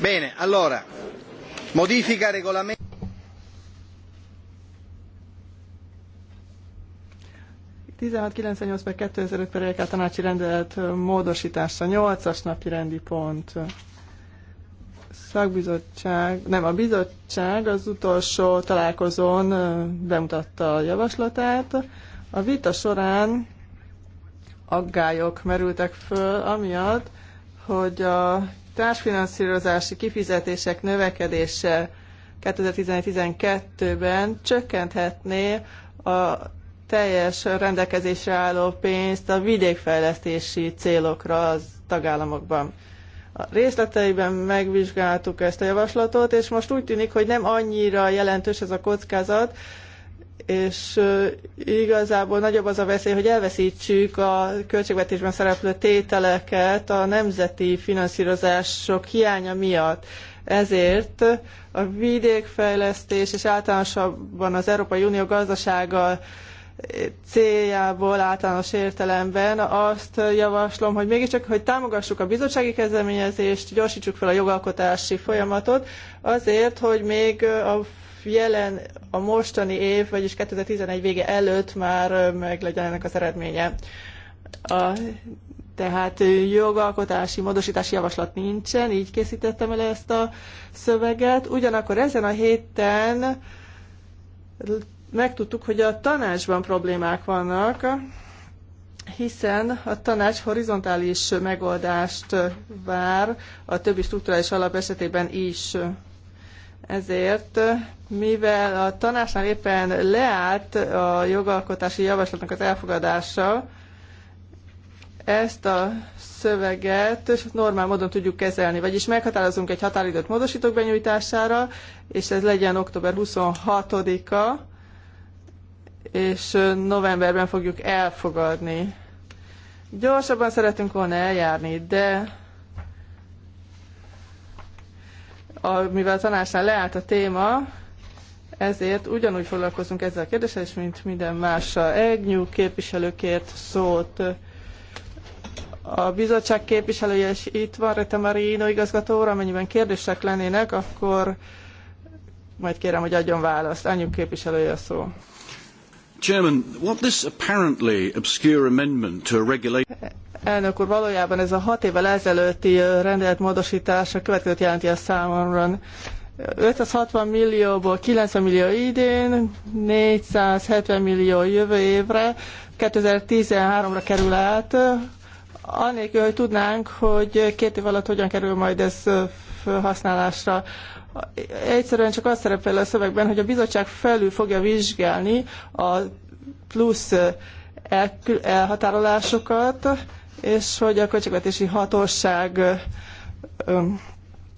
Bene, allora, modifica regolamento. per 2005 per EK tanácsi rendelet módosítása, 8-as napi rendi pont. Szakbizottság, nem, a bizottság az utolsó találkozón bemutatta a javaslatát. A vita során aggályok merültek föl, amiatt, hogy a társfinanszírozási kifizetések növekedése 2011-12-ben csökkenthetné a teljes rendelkezésre álló pénzt a vidékfejlesztési célokra az tagállamokban. A részleteiben megvizsgáltuk ezt a javaslatot, és most úgy tűnik, hogy nem annyira jelentős ez a kockázat, és igazából nagyobb az a veszély, hogy elveszítsük a költségvetésben szereplő tételeket a nemzeti finanszírozások hiánya miatt. Ezért a vidékfejlesztés és általánosabban az Európai Unió gazdasága céljából általános értelemben azt javaslom, hogy mégiscsak, hogy támogassuk a bizottsági kezdeményezést, gyorsítsuk fel a jogalkotási folyamatot, azért, hogy még a jelen a mostani év, vagyis 2011 vége előtt már meg legyen ennek az eredménye. A, tehát jogalkotási, módosítási javaslat nincsen, így készítettem el ezt a szöveget. Ugyanakkor ezen a héten megtudtuk, hogy a tanácsban problémák vannak, hiszen a tanács horizontális megoldást vár a többi strukturális alap esetében is. Ezért, mivel a tanácsnál éppen leállt a jogalkotási javaslatnak az elfogadása, ezt a szöveget normál módon tudjuk kezelni, vagyis meghatározunk egy határidőt módosítók benyújtására, és ez legyen október 26-a, és novemberben fogjuk elfogadni. Gyorsabban szeretünk volna eljárni, de a, mivel a tanásnál leállt a téma, ezért ugyanúgy foglalkozunk ezzel a kérdéssel, és mint minden mással. Egnyú képviselőkért szót a bizottság képviselője is itt van, Rete Marino igazgató úr, amennyiben kérdések lennének, akkor majd kérem, hogy adjon választ. Anyuk képviselője a szó. Elnök úr, valójában ez a hat évvel ezelőtti rendelet módosítása következőt jelenti a számomra. 560 millióból 90 millió idén, 470 millió jövő évre, 2013-ra kerül át, anélkül, hogy tudnánk, hogy két év alatt hogyan kerül majd ez felhasználásra. Egyszerűen csak az szerepel a szövegben, hogy a bizottság felül fogja vizsgálni a plusz elhatárolásokat, és hogy a költségvetési hatóság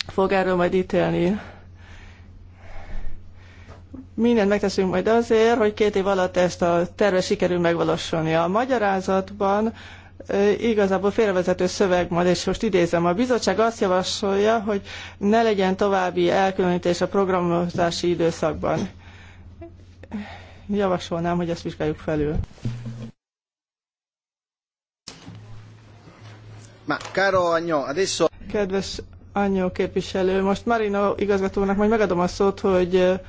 fog erről majd ítélni. Mindent megteszünk majd azért, hogy két év alatt ezt a terve sikerül megvalósulni. A magyarázatban igazából félrevezető szöveg majd és most idézem. A bizottság azt javasolja, hogy ne legyen további elkülönítés a programozási időszakban. Javasolnám, hogy ezt vizsgáljuk felül. caro Agnó, adesso... Kedves anyó képviselő, most Marino igazgatónak majd megadom a szót, hogy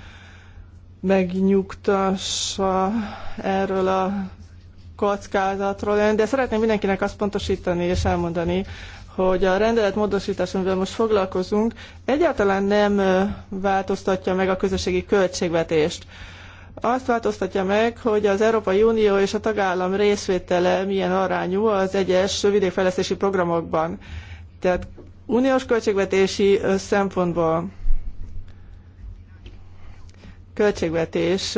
megnyugtassa erről a kockázatról de szeretném mindenkinek azt pontosítani és elmondani, hogy a rendelet módosítás, amivel most foglalkozunk, egyáltalán nem változtatja meg a közösségi költségvetést. Azt változtatja meg, hogy az Európai Unió és a tagállam részvétele milyen arányú az egyes vidékfejlesztési programokban. Tehát uniós költségvetési szempontból költségvetés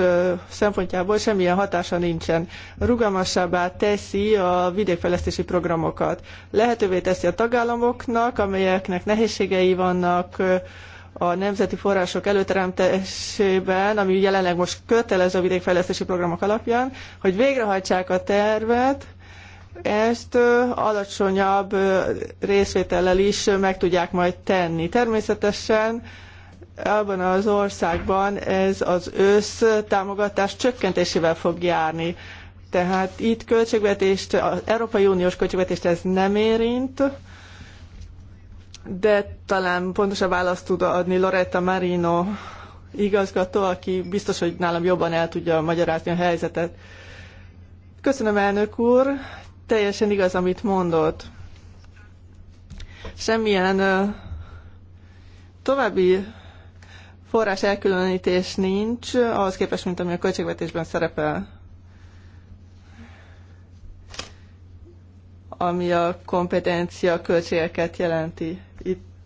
szempontjából semmilyen hatása nincsen. Rugalmasabbá teszi a vidékfejlesztési programokat. Lehetővé teszi a tagállamoknak, amelyeknek nehézségei vannak, a nemzeti források előteremtésében, ami jelenleg most kötelező a vidékfejlesztési programok alapján, hogy végrehajtsák a tervet, ezt alacsonyabb részvétellel is meg tudják majd tenni. Természetesen abban az országban ez az ősz támogatás csökkentésével fog járni. Tehát itt költségvetést, az Európai Uniós költségvetést ez nem érint, de talán pontosabb választ tud adni Loretta Marino igazgató, aki biztos, hogy nálam jobban el tudja magyarázni a helyzetet. Köszönöm, elnök úr, teljesen igaz, amit mondott. Semmilyen további Forrás elkülönítés nincs, ahhoz képest, mint ami a költségvetésben szerepel. ami a kompetencia költségeket jelenti,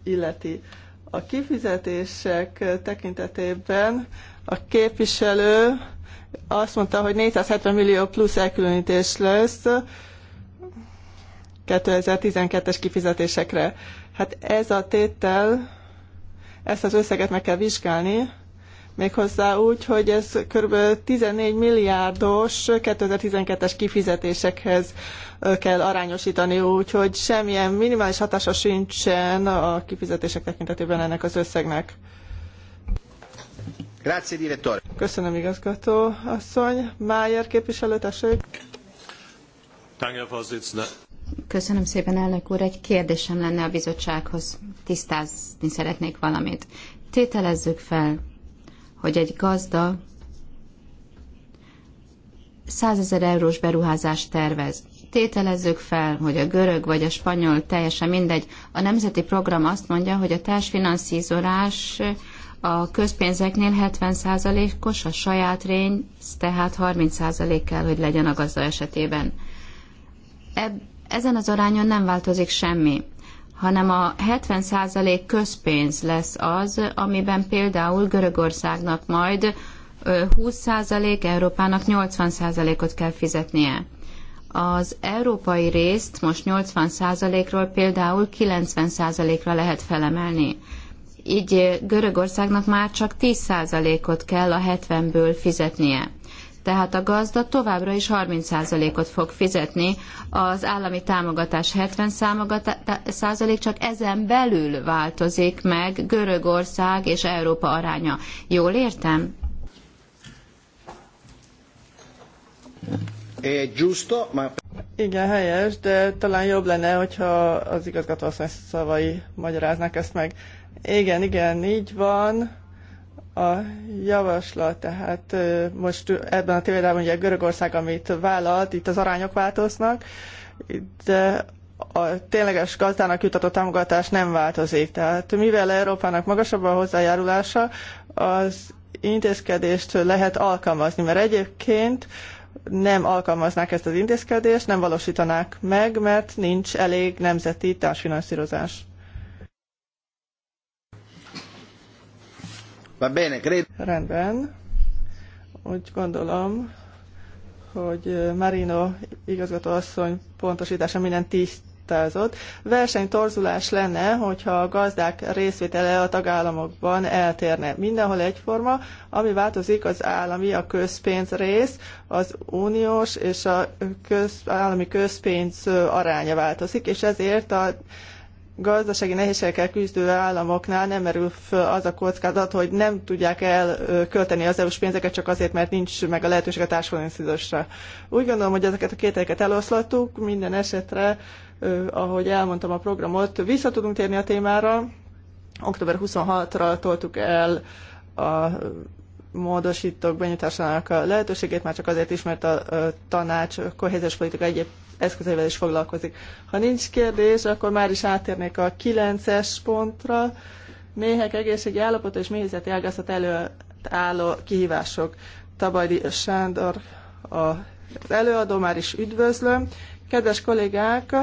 illeti. A kifizetések tekintetében a képviselő azt mondta, hogy 470 millió plusz elkülönítés lesz 2012-es kifizetésekre. Hát ez a tétel ezt az összeget meg kell vizsgálni, méghozzá úgy, hogy ez kb. 14 milliárdos 2012-es kifizetésekhez kell arányosítani, úgyhogy semmilyen minimális hatása sincsen a kifizetések tekintetében ennek az összegnek. Grazie, direttore. Köszönöm, igazgató asszony. Májer képviselő, tessék. Köszönöm szépen, elnök úr. Egy kérdésem lenne a bizottsághoz tisztázni szeretnék valamit. Tételezzük fel, hogy egy gazda 100 ezer eurós beruházást tervez. Tételezzük fel, hogy a görög vagy a spanyol, teljesen mindegy. A nemzeti program azt mondja, hogy a társfinanszírozás a közpénzeknél 70%-os, a saját rény, tehát 30% kell, hogy legyen a gazda esetében. Eb- ezen az arányon nem változik semmi hanem a 70% közpénz lesz az, amiben például Görögországnak majd 20%, Európának 80%-ot kell fizetnie. Az európai részt most 80%-ról például 90%-ra lehet felemelni. Így Görögországnak már csak 10%-ot kell a 70-ből fizetnie. Tehát a gazda továbbra is 30%-ot fog fizetni, az állami támogatás 70%, csak ezen belül változik meg Görögország és Európa aránya. Jól értem? Igen, helyes, de talán jobb lenne, hogyha az igazgatóasszony szavai magyaráznák ezt meg. Igen, igen, így van. A javaslat, tehát most ebben a hogy ugye Görögország, amit vállalt, itt az arányok változnak, de a tényleges gazdának jutató támogatás nem változik. Tehát mivel Európának magasabb a hozzájárulása, az intézkedést lehet alkalmazni, mert egyébként nem alkalmaznák ezt az intézkedést, nem valósítanák meg, mert nincs elég nemzeti társfinanszírozás. Va bene, credo. Rendben. Úgy gondolom, hogy Marino igazgatóasszony pontosítása minden tisztázott. Versenytorzulás lenne, hogyha a gazdák részvétele a tagállamokban eltérne. Mindenhol egyforma, ami változik az állami, a közpénz rész, az uniós és a köz, állami közpénz aránya változik, és ezért a gazdasági nehézségekkel küzdő államoknál nem merül föl az a kockázat, hogy nem tudják elkölteni az EU-s pénzeket csak azért, mert nincs meg a lehetőség a társadalmi Úgy gondolom, hogy ezeket a kételyeket eloszlattuk, minden esetre, ahogy elmondtam a programot, vissza tudunk térni a témára. Október 26-ra toltuk el a módosítók benyújtásának a lehetőségét, már csak azért is, mert a, a tanács kohéziós politika egyéb eszközeivel is foglalkozik. Ha nincs kérdés, akkor már is átérnék a 9-es pontra. Méhek egészségi állapota és méhészeti ágazat előtt álló kihívások. Tabajdi Sándor az előadó, már is üdvözlöm. Kedves kollégák,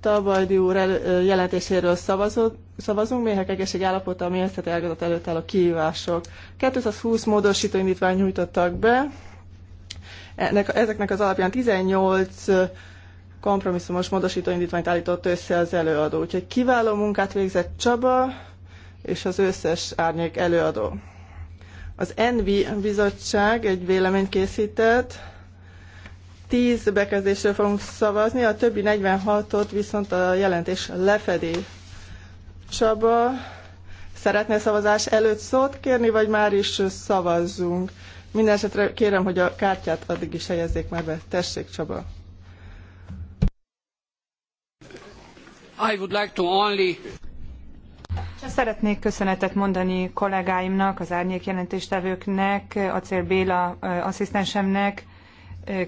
Tabajdi úr jelentéséről szavazott, szavazunk, méhek egészség állapota, a ezt ágazat előtt álló kihívások. 220 módosító indítvány nyújtottak be, ennek, ezeknek az alapján 18 kompromisszumos módosító indítványt állított össze az előadó. Úgyhogy kiváló munkát végzett Csaba és az összes árnyék előadó. Az ENVI bizottság egy véleményt készített, 10 bekezdésről fogunk szavazni, a többi 46-ot viszont a jelentés lefedi. Csaba, szeretnél szavazás előtt szót kérni, vagy már is szavazzunk? Mindenesetre kérem, hogy a kártyát addig is helyezzék már be. Tessék, Csaba. I would like to only... szeretnék köszönetet mondani kollégáimnak, az árnyék jelentéstevőknek, Acél Béla asszisztensemnek,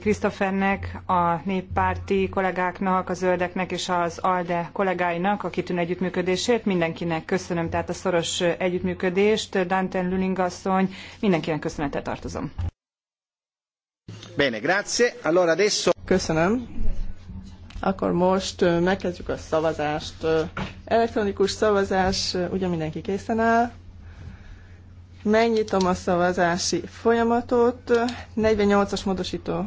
Krisztofernek, a néppárti kollégáknak, a zöldeknek és az ALDE kollégáinak a kitűnő együttműködésért. Mindenkinek köszönöm tehát a szoros együttműködést. Danten Lüling asszony, mindenkinek köszönettel tartozom. Bene, grazie. Allora adesso... Köszönöm. Akkor most megkezdjük a szavazást. Elektronikus szavazás, ugye mindenki készen áll. Megnyitom a szavazási folyamatot. 48-as módosító.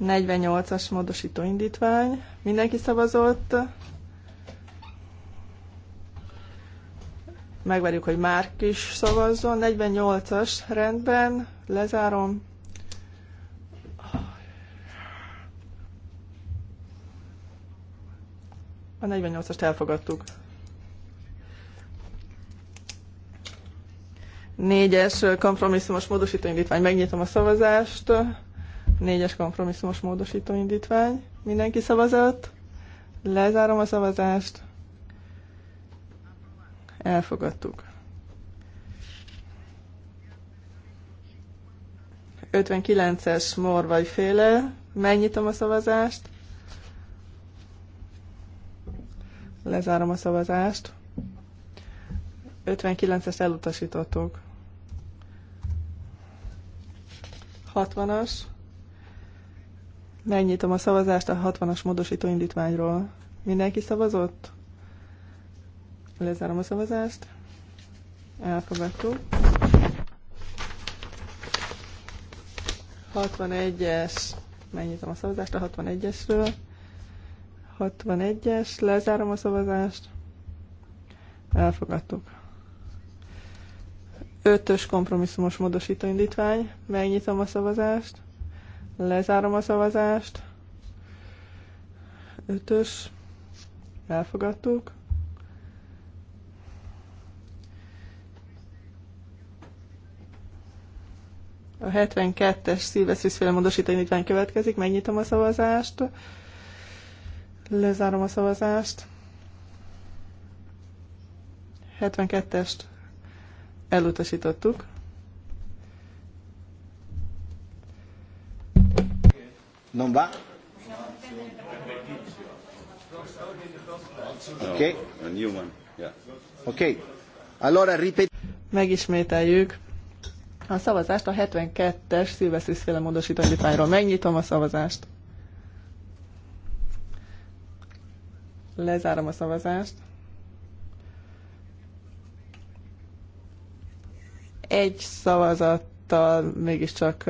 48-as módosító indítvány. Mindenki szavazott. Megvárjuk, hogy Márk is szavazzon. 48-as rendben. Lezárom. A 48-ast elfogadtuk. Négyes kompromisszumos módosítóindítvány. Megnyitom a szavazást. Négyes kompromisszumos módosítóindítvány. Mindenki szavazott. Lezárom a szavazást. Elfogadtuk. 59-es morvai féle. Megnyitom a szavazást. Lezárom a szavazást. 59-es elutasítottuk. 60-as. Megnyitom a szavazást a 60-as módosító indítványról. Mindenki szavazott? Lezárom a szavazást. Elfogadtuk. 61-es. Megnyitom a szavazást a 61-esről. 61-es. Lezárom a szavazást. Elfogadtuk. Ötös kompromisszumos módosító indítvány. Megnyitom a szavazást. Lezárom a szavazást. Ötös. Elfogadtuk. A 72-es szilveszűszféle módosító indítvány következik. Megnyitom a szavazást. Lezárom a szavazást. 72-est Elutasítottuk. Non va? Okay. A new one. Yeah. Okay. Allora ripet... Megismételjük. A szavazást a 72-es szilveszűszféle féle módosító Megnyitom a szavazást. Lezárom a szavazást. egy szavazattal mégiscsak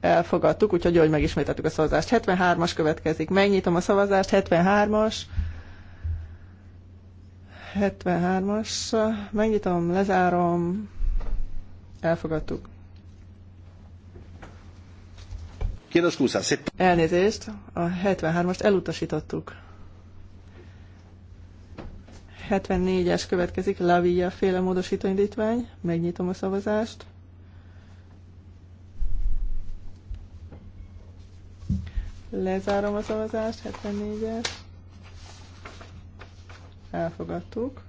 elfogadtuk, úgyhogy jól megismételtük a szavazást. 73-as következik. Megnyitom a szavazást. 73-as. 73-as. Megnyitom, lezárom. Elfogadtuk. Elnézést, a 73-ast elutasítottuk. 74-es következik, Lavia féle módosító indítvány. Megnyitom a szavazást. Lezárom a szavazást, 74-es. Elfogadtuk.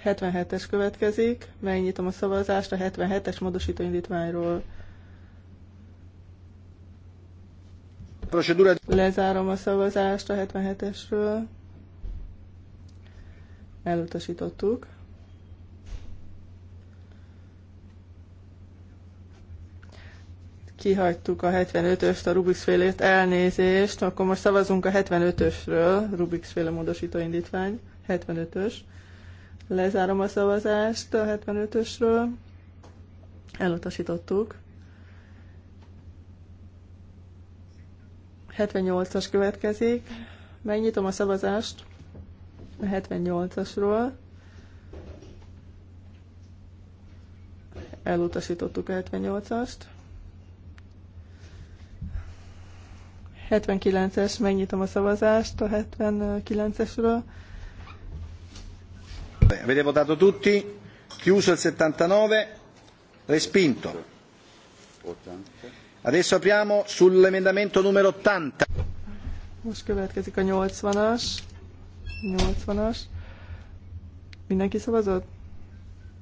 77 es következik, megnyitom a szavazást a 77-es módosító indítványról. procedura... Lezárom a szavazást a 77-esről. Elutasítottuk. Kihagytuk a 75-öst, a Rubik's félét, elnézést. Akkor most szavazunk a 75-ösről, Rubik's féle módosító indítvány, 75-ös. Lezárom a szavazást a 75-ösről. Elutasítottuk. 78-as következik. Megnyitom a szavazást a 78-asról. Elutasítottuk a 78-ast. 79-es, megnyitom a szavazást a 79-esről. Avete votato tutti? Chiuso il 79, respinto. 80. Adesso apriamo sull'emendamento numero 80. Most következik a 80-as. 80-as. Mindenki szavazott?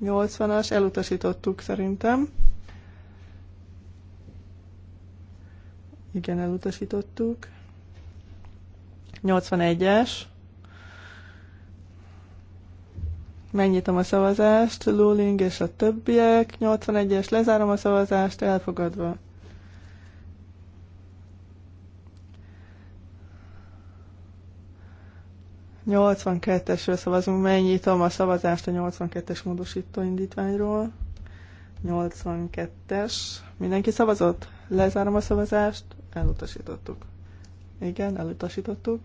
80-as, elutasítottuk szerintem. Igen, elutasítottuk. 81-es. Megnyitom a szavazást, Luling és a többiek. 81-es, lezárom a szavazást, elfogadva. 82-esről szavazunk. Megnyitom a szavazást a 82-es módosító indítványról. 82-es. Mindenki szavazott? Lezárom a szavazást. Elutasítottuk. Igen, elutasítottuk.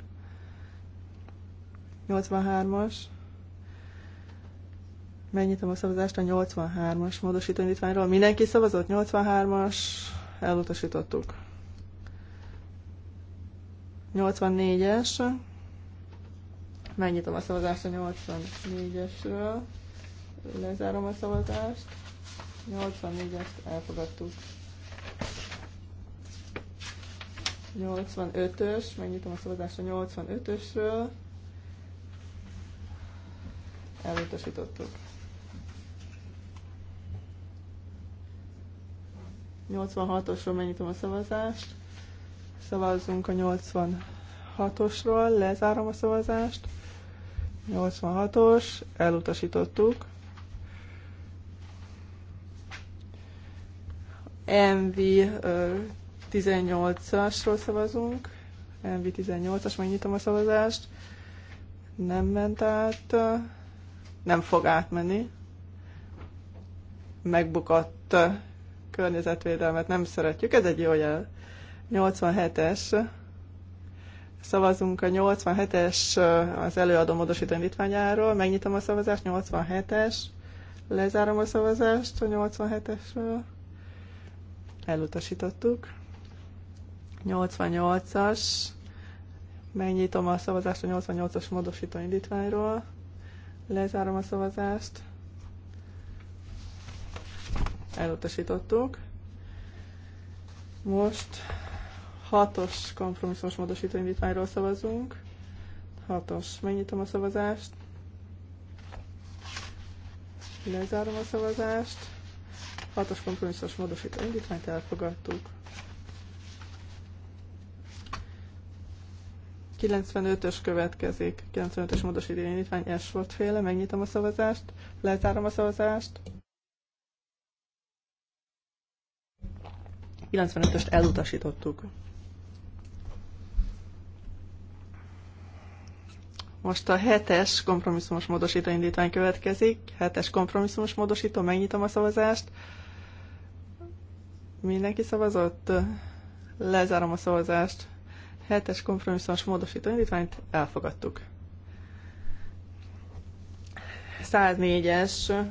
83-as. Megnyitom a szavazást a 83-as módosító indítványról. Mindenki szavazott? 83-as. Elutasítottuk. 84-es. Megnyitom a szavazást a 84-esről. Lezárom a szavazást. 84-est elfogadtuk. 85-ös, megnyitom a szavazást a 85-ösről. Elutasítottuk. 86-osról megnyitom a szavazást. Szavazzunk a 86-osról, lezárom a szavazást. 86-os, elutasítottuk. MV 18-asról szavazunk. MV 18-as, megnyitom a szavazást. Nem ment át. Nem fog átmenni. Megbukott környezetvédelmet nem szeretjük, ez egy jó jel. 87-es Szavazunk a 87-es az előadó módosító indítványáról. Megnyitom a szavazást, 87-es. Lezárom a szavazást a 87-esről. Elutasítottuk. 88-as. Megnyitom a szavazást a 88-as módosító indítványról. Lezárom a szavazást. Elutasítottuk. Most Hatos kompromisszumos módosító indítványról szavazunk. Hatos. Megnyitom a szavazást. Lezárom a szavazást. Hatos kompromisszumos módosító indítványt elfogadtuk. 95-ös következik. 95-ös módosító indítvány S volt féle. Megnyitom a szavazást. Lezárom a szavazást. 95-öst elutasítottuk. Most a hetes kompromisszumos módosító indítvány következik. Hetes kompromisszumos módosító, megnyitom a szavazást. Mindenki szavazott? Lezárom a szavazást. Hetes kompromisszumos módosító indítványt elfogadtuk. 104-es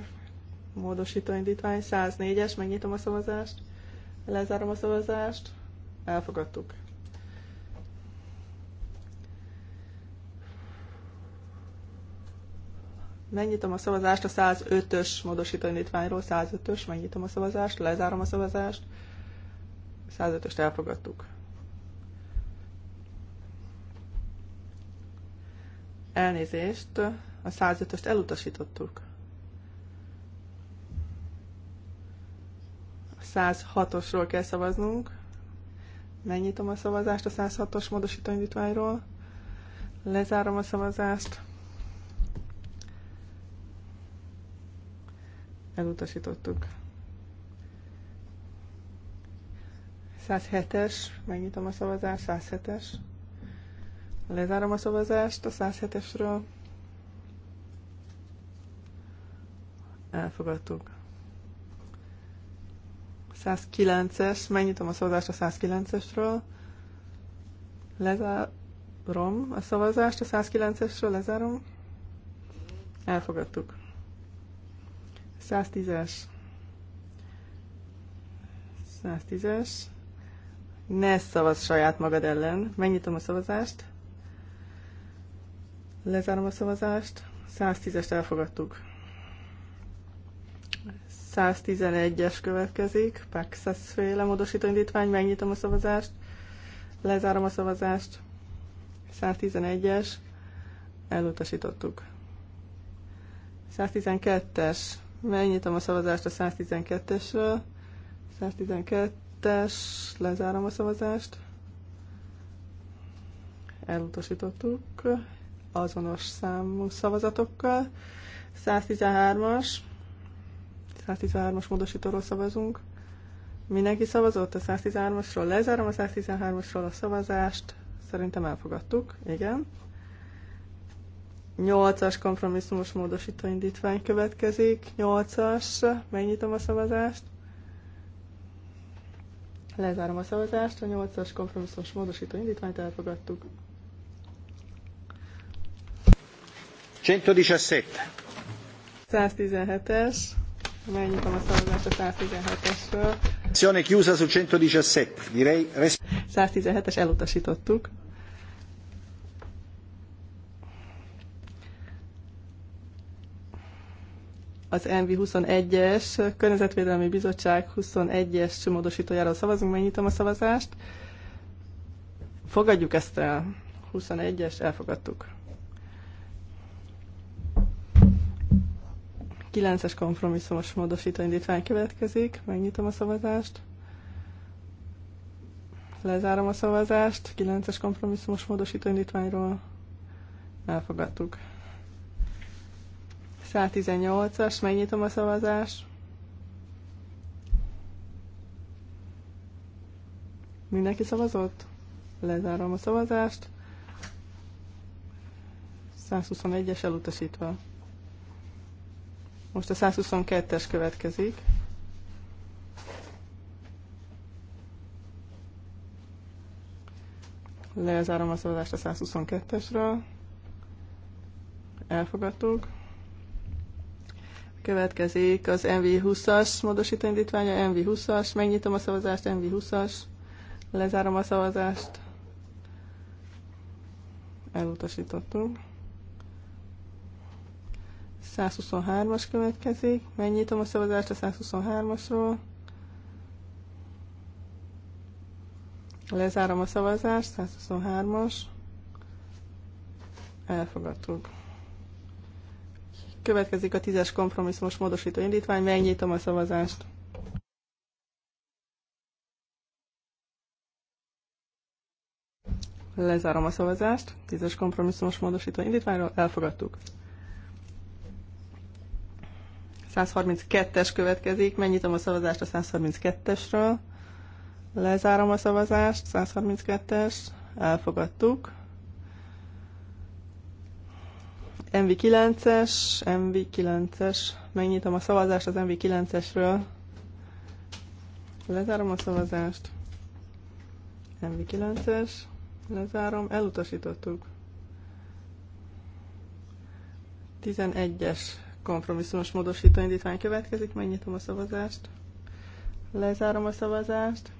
módosító indítvány, 104-es, megnyitom a szavazást. Lezárom a szavazást. Elfogadtuk. Megnyitom a szavazást a 105-ös módosító indítványról, 105-ös, megnyitom a szavazást, lezárom a szavazást. 105-öst elfogadtuk. Elnézést, a 105-öst elutasítottuk. A 106-osról kell szavaznunk. Megnyitom a szavazást a 106-os módosító indítványról. Lezárom a szavazást. elutasítottuk. 107-es, megnyitom a szavazást, 107-es. Lezárom a szavazást a 107-esről. Elfogadtuk. 109-es, megnyitom a szavazást a 109-esről. Lezárom a szavazást a 109-esről, lezárom. Elfogadtuk. 110-es. 110-es. Ne szavaz saját magad ellen. Megnyitom a szavazást. Lezárom a szavazást. 110-est elfogadtuk. 111-es következik. Paxas féle módosító indítvány. Megnyitom a szavazást. Lezárom a szavazást. 111-es. Elutasítottuk. 112-es Megnyitom a szavazást a 112-esről. 112-es, lezárom a szavazást. Elutasítottuk azonos számú szavazatokkal. 113-as, 113-as módosítóról szavazunk. Mindenki szavazott a 113-asról, lezárom a 113-asról a szavazást. Szerintem elfogadtuk, igen. 8-as kompromisszumos módosító indítvány következik. 8-as, megnyitom a szavazást. Lezárom a szavazást, a 8-as kompromisszumos módosító indítványt elfogadtuk. 117. 117-es. Megnyitom a szavazást a 117-esről. Azione chiusa 117, direi. 117-es elutasítottuk. az NV21-es Környezetvédelmi Bizottság 21-es módosítójáról szavazunk, megnyitom a szavazást. Fogadjuk ezt el. 21-es, elfogadtuk. 9-es kompromisszumos módosító indítvány következik, megnyitom a szavazást. Lezárom a szavazást, 9-es kompromisszumos módosító indítványról elfogadtuk. 118-as, megnyitom a szavazást. Mindenki szavazott? Lezárom a szavazást. 121-es elutasítva. Most a 122-es következik. Lezárom a szavazást a 122-esről. Elfogadtuk. Következik az MV20-as módosító indítványa, MV20-as, megnyitom a szavazást, MV20-as, lezárom a szavazást, elutasítottunk. 123-as következik, megnyitom a szavazást a 123-asról, lezárom a szavazást, 123-as, elfogadtuk. Következik a tízes kompromisszumos módosító indítvány, megnyitom a szavazást. Lezárom a szavazást. Tízes kompromisszumos módosító indítványról elfogadtuk. 132-es következik. Megnyitom a szavazást a 132-esről. Lezárom a szavazást. 132-es. Elfogadtuk. MV9-es, MV9-es, megnyitom a szavazást az MV9-esről. Lezárom a szavazást. MV9-es, lezárom, elutasítottuk. 11-es kompromisszumos módosító indítvány következik, megnyitom a szavazást. Lezárom a szavazást,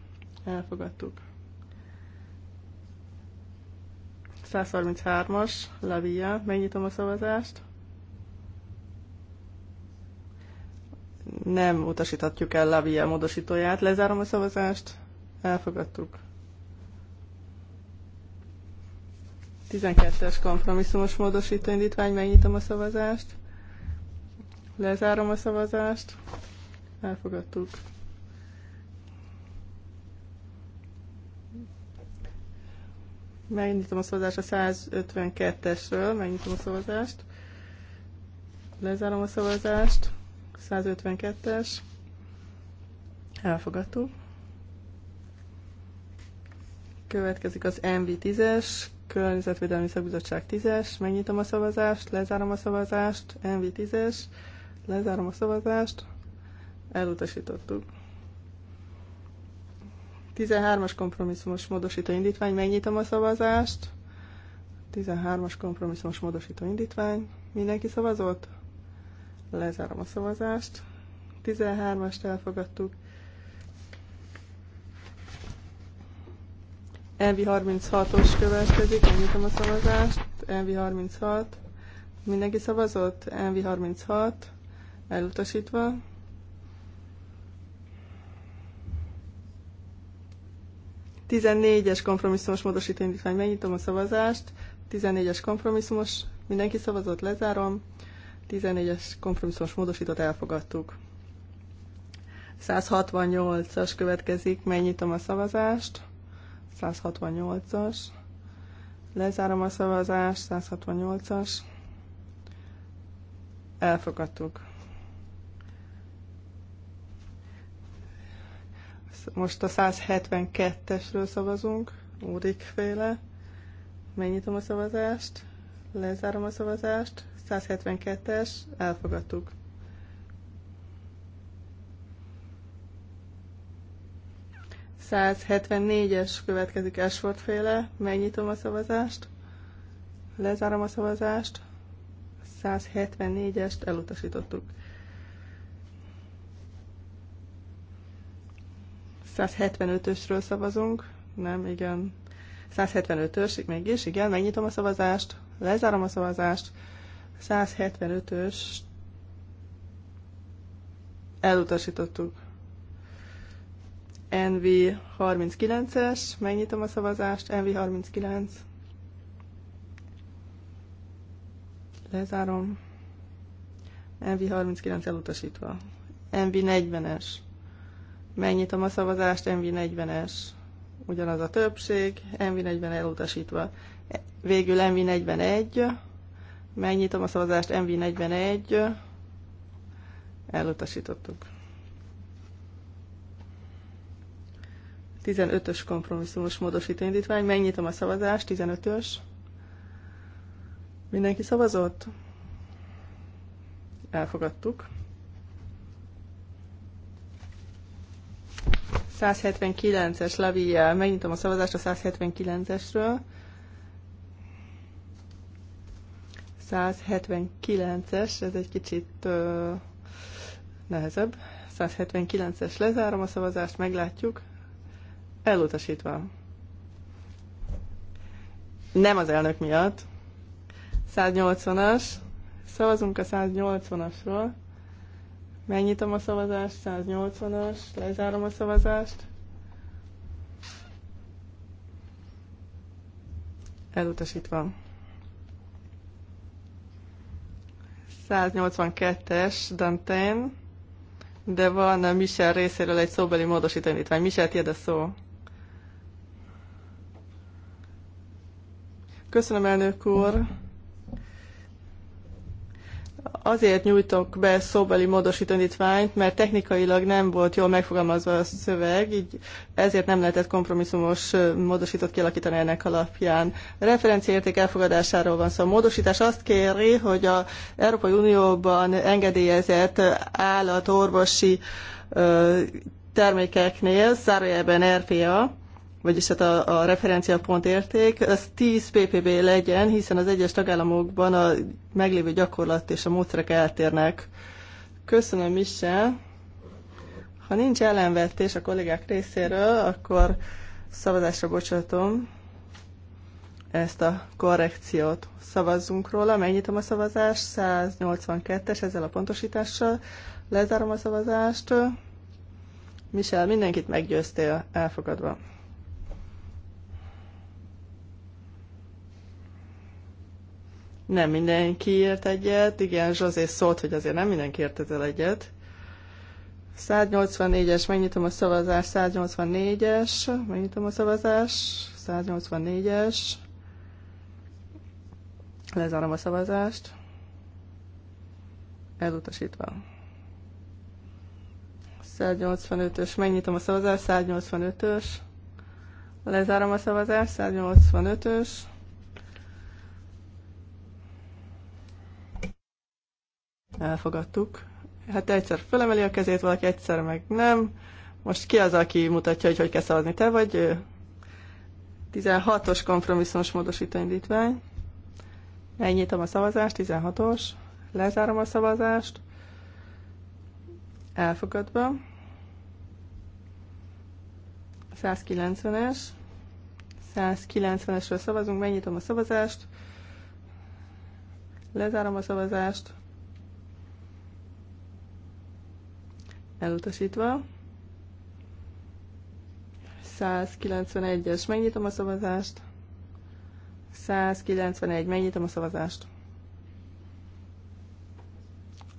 elfogadtuk. 133-as, Lavia, megnyitom a szavazást. Nem utasíthatjuk el Lavia módosítóját, lezárom a szavazást, elfogadtuk. 12-es kompromisszumos módosító indítvány, megnyitom a szavazást. Lezárom a szavazást. Elfogadtuk. Megnyitom a szavazást a 152-esről, megnyitom a szavazást. Lezárom a szavazást. 152-es. Elfogadtuk. Következik az MV10-es, Környezetvédelmi Szakbizottság 10-es, megnyitom a szavazást, lezárom a szavazást, MV10-es, lezárom a szavazást, elutasítottuk. 13-as kompromisszumos módosító indítvány, megnyitom a szavazást. 13-as kompromisszumos módosító indítvány. Mindenki szavazott? Lezárom a szavazást. 13-ast elfogadtuk. Envi 36-os következik, megnyitom a szavazást. Envi 36. Mindenki szavazott? Envi 36. Elutasítva. 14-es kompromisszumos módosító indítvány, megnyitom a szavazást. 14-es kompromisszumos, mindenki szavazott, lezárom. 14-es kompromisszumos módosítót elfogadtuk. 168-as következik, megnyitom a szavazást. 168-as. Lezárom a szavazást, 168-as. Elfogadtuk. Most a 172-esről szavazunk, Úrik féle. Megnyitom a szavazást, lezárom a szavazást, 172-es, elfogadtuk. 174 es következik Ashford féle, megnyitom a szavazást, lezárom a szavazást, 174-est elutasítottuk. 175-ösről szavazunk. Nem, igen. 175-ös, mégis, igen, megnyitom a szavazást, lezárom a szavazást. 175-ös elutasítottuk. NV 39-es, megnyitom a szavazást, NV 39. Lezárom. NV 39 elutasítva. NV 40-es. Megnyitom a szavazást, MV40-es, ugyanaz a többség, MV40 elutasítva. Végül MV41, megnyitom a szavazást, MV41, elutasítottuk. 15-ös kompromisszumos módosító indítvány, megnyitom a szavazást, 15-ös. Mindenki szavazott? Elfogadtuk. 179-es Lavia, megnyitom a szavazást a 179-esről. 179-es, ez egy kicsit ö, nehezebb. 179-es lezárom a szavazást, meglátjuk. Elutasítva. Nem az elnök miatt. 180-as. Szavazunk a 180-asról. Megnyitom a szavazást, 180-as, lezárom a szavazást. Elutasítva. 182-es Dantén, de van a Michel részéről egy szóbeli módosító indítvány. Michel, tiéd a szó. Köszönöm, elnök úr. Azért nyújtok be szóbeli módosítanítványt, mert technikailag nem volt jól megfogalmazva a szöveg, így ezért nem lehetett kompromisszumos módosított kialakítani ennek alapján. A referenciérték elfogadásáról van szó. A módosítás azt kéri, hogy az Európai Unióban engedélyezett állatorvosi termékeknél, zárójelben RPA, vagyis hát a, a referenciapont érték, az 10 ppb legyen, hiszen az egyes tagállamokban a meglévő gyakorlat és a módszerek eltérnek. Köszönöm, Michel. Ha nincs ellenvetés a kollégák részéről, akkor szavazásra bocsátom ezt a korrekciót. Szavazzunk róla, megnyitom a szavazást, 182-es ezzel a pontosítással, lezárom a szavazást. Michel, mindenkit meggyőztél, elfogadva. Nem mindenki ért egyet. Igen, Zsozé szólt, hogy azért nem mindenki ért ezzel egyet. 184-es, megnyitom a szavazás, 184-es, megnyitom a szavazás, 184-es. Lezárom a szavazást. Elutasítva. 185-ös, megnyitom a szavazást, 185-ös. Lezárom a szavazást, 185-ös. Elfogadtuk. Hát egyszer felemeli a kezét, valaki egyszer meg nem. Most ki az, aki mutatja, hogy hogy kell szavazni? Te vagy 16-os kompromisszumos módosító indítvány. Megnyitom a szavazást, 16-os. Lezárom a szavazást. Elfogadva. 190-es. 190-esről szavazunk, megnyitom a szavazást. Lezárom a szavazást. elutasítva. 191-es, megnyitom a szavazást. 191, megnyitom a szavazást.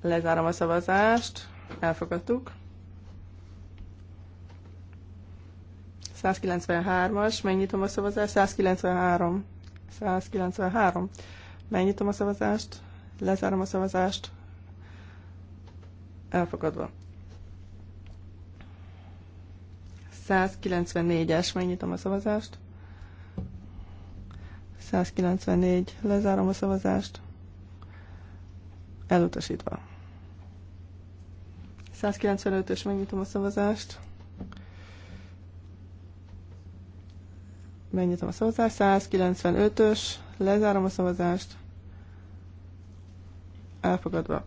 Lezárom a szavazást, elfogadtuk. 193-as, megnyitom a szavazást, 193. 193. Megnyitom a szavazást, lezárom a szavazást, elfogadva. 194-es, megnyitom a szavazást. 194, lezárom a szavazást. Elutasítva. 195-ös, megnyitom a szavazást. Megnyitom a szavazást. 195-ös, lezárom a szavazást. Elfogadva.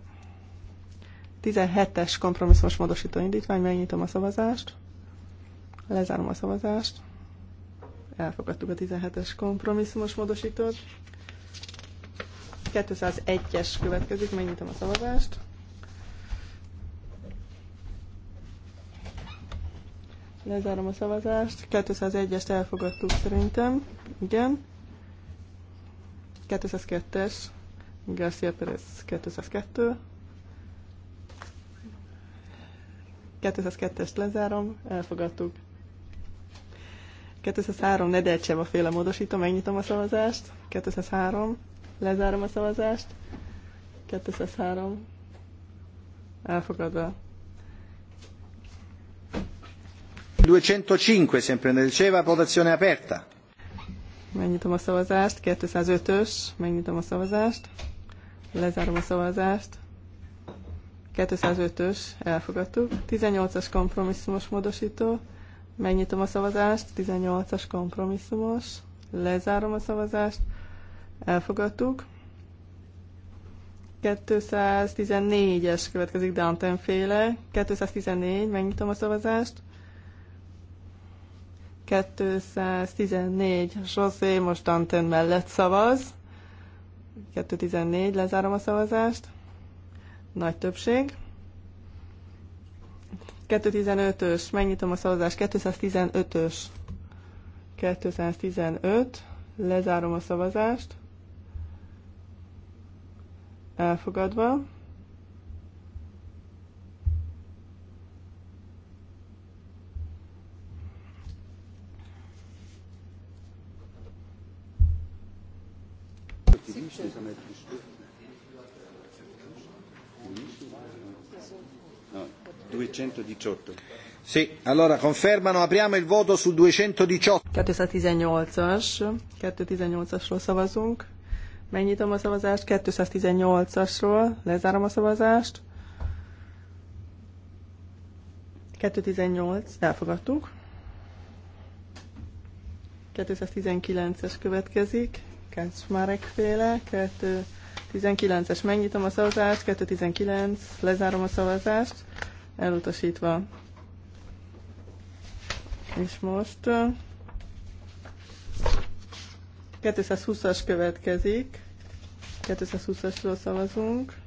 17-es kompromisszumos módosító indítvány, megnyitom a szavazást. Lezárom a szavazást. Elfogadtuk a 17-es kompromisszumos módosítót. 201-es következik, megnyitom a szavazást. Lezárom a szavazást. 201-est elfogadtuk szerintem. Igen. 202-es. Garcia Perez 202. 202-est lezárom, elfogadtuk. 203 Nedelcsev a féle módosító, megnyitom a szavazást. 203, lezárom a szavazást. 203, elfogadva. 205 sempre Nedelceva, votazione aperta. Megnyitom a szavazást, 205-ös, megnyitom a szavazást. Lezárom a szavazást. 205-ös, elfogadtuk. 18-as kompromisszumos módosító, Megnyitom a szavazást, 18-as kompromisszumos, lezárom a szavazást, elfogadtuk. 214-es következik Dantem féle, 214, megnyitom a szavazást. 214, José most Dantem mellett szavaz. 214, lezárom a szavazást. Nagy többség. 215-ös, megnyitom a szavazást, 215-ös. 215, lezárom a szavazást. Elfogadva. Six, 218. Sì, allora confermano, apriamo il voto su 218. 218-as, 218-asról szavazunk. Megnyitom a szavazást, 218-asról, lezárom a szavazást. 218, elfogadtuk. 219-es következik, Kacsmarek féle, 219-es megnyitom a szavazást, 219, lezárom a szavazást elutasítva. És most 220-as következik. 220-asról szavazunk.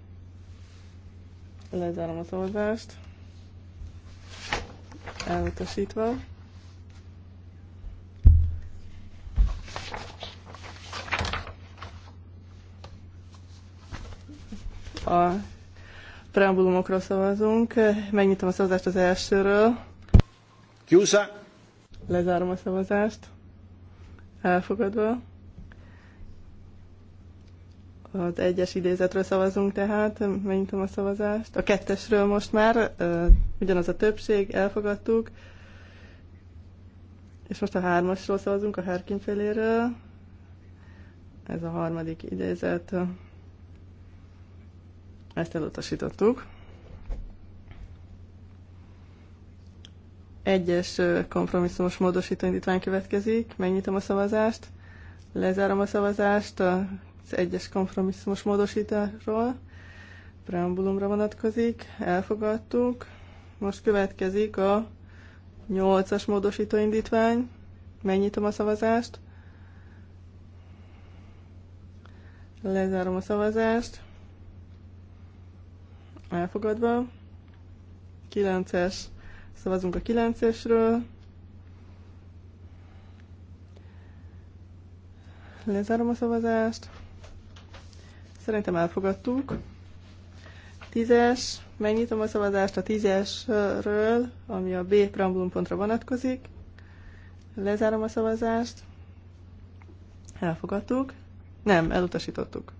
Lezárom a szavazást. Elutasítva. A preambulumokról szavazunk. Megnyitom a szavazást az elsőről. Kiusa. Lezárom a szavazást. Elfogadva. Az egyes idézetről szavazunk tehát, megnyitom a szavazást. A kettesről most már, ugyanaz a többség, elfogadtuk. És most a hármasról szavazunk, a Herkin féléről. Ez a harmadik idézet. Ezt elutasítottuk. Egyes kompromisszumos módosító indítvány következik. Megnyitom a szavazást. Lezárom a szavazást az egyes kompromisszumos módosításról. Preambulumra vonatkozik. Elfogadtuk. Most következik a 8-as módosító indítvány. Megnyitom a szavazást. Lezárom a szavazást elfogadva. 9-es, szavazunk a 9-esről. Lezárom a szavazást. Szerintem elfogadtuk. 10-es, megnyitom a szavazást a 10-esről, ami a B preambulum pontra vonatkozik. Lezárom a szavazást. Elfogadtuk. Nem, elutasítottuk.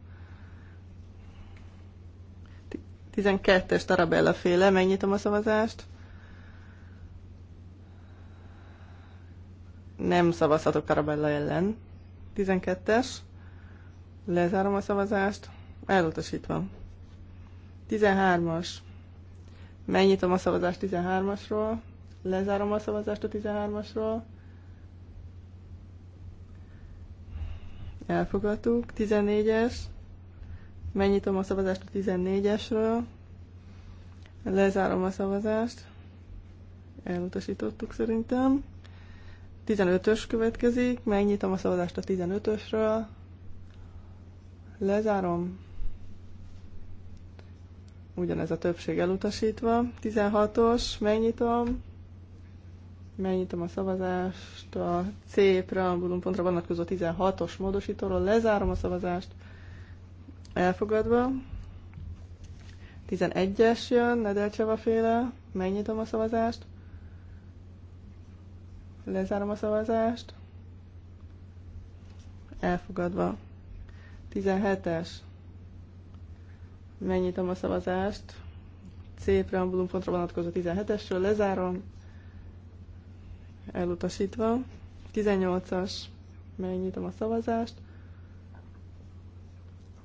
12-es Tarabella féle, megnyitom a szavazást. Nem szavazhatok Tarabella ellen. 12-es. Lezárom a szavazást. Elutasítva. 13-as. Megnyitom a szavazást 13-asról. Lezárom a szavazást a 13-asról. Elfogadtuk. 14-es. Megnyitom a szavazást a 14-esről. Lezárom a szavazást. Elutasítottuk szerintem. 15-ös következik. Megnyitom a szavazást a 15-ösről. Lezárom. Ugyanez a többség elutasítva. 16-os. Megnyitom. Megnyitom a szavazást. A C preambulum pontra vonatkozó 16-os módosítóról. Lezárom a szavazást Elfogadva. 11-es jön, Nedelcseva féle. Megnyitom a szavazást. Lezárom a szavazást. Elfogadva. 17-es. Megnyitom a szavazást. C preambulum pontra vonatkozó 17-esről lezárom. Elutasítva. 18-as. Megnyitom a szavazást.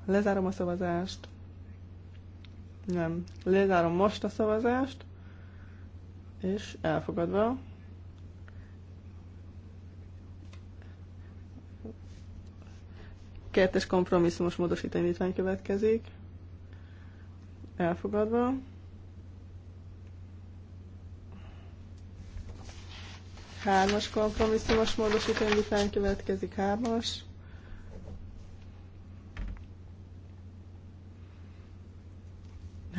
Lezárom a szavazást. Nem. Lezárom most a szavazást. És elfogadva. Kettes kompromisszumos módosítanítvány következik. Elfogadva. Hármas kompromisszumos módosítanítvány következik. Hármas.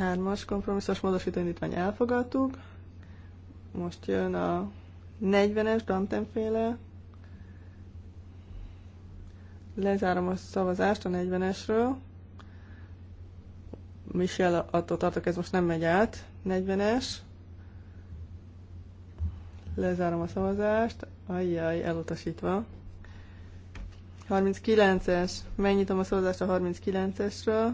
Hármas kompromisszos módosító elfogadtuk. Most jön a 40-es Dantenféle. Lezárom a szavazást a 40-esről. Michel, attól tartok, ez most nem megy át. 40-es. Lezárom a szavazást. Ajjaj, elutasítva. 39-es. Megnyitom a szavazást a 39-esről.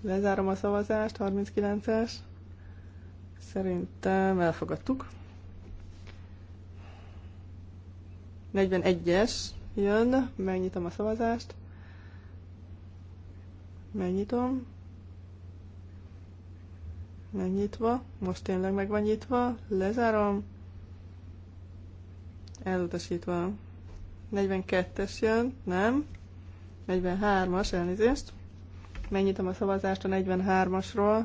Lezárom a szavazást, 39-es. Szerintem elfogadtuk. 41-es jön, megnyitom a szavazást. Megnyitom. Megnyitva, most tényleg meg van nyitva, lezárom. Elutasítva. 42-es jön, nem. 43-as, elnézést. Megnyitom a szavazást a 43-asról.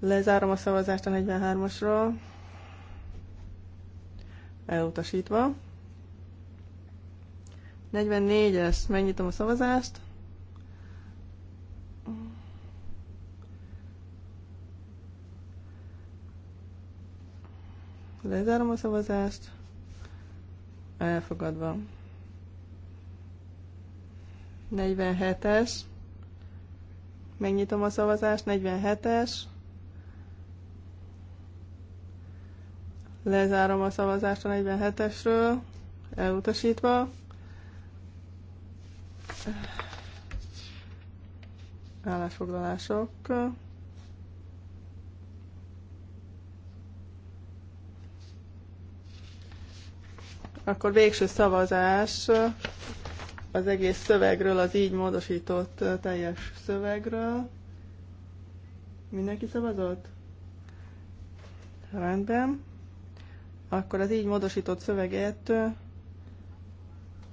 Lezárom a szavazást a 43-asról. Elutasítva. 44-es, megnyitom a szavazást. Lezárom a szavazást. Elfogadva. 47-es. Megnyitom a szavazást, 47-es. Lezárom a szavazást a 47-esről, elutasítva. Állásfoglalások. Akkor végső szavazás az egész szövegről, az így módosított teljes szövegről. Mindenki szavazott? Rendben. Akkor az így módosított szöveget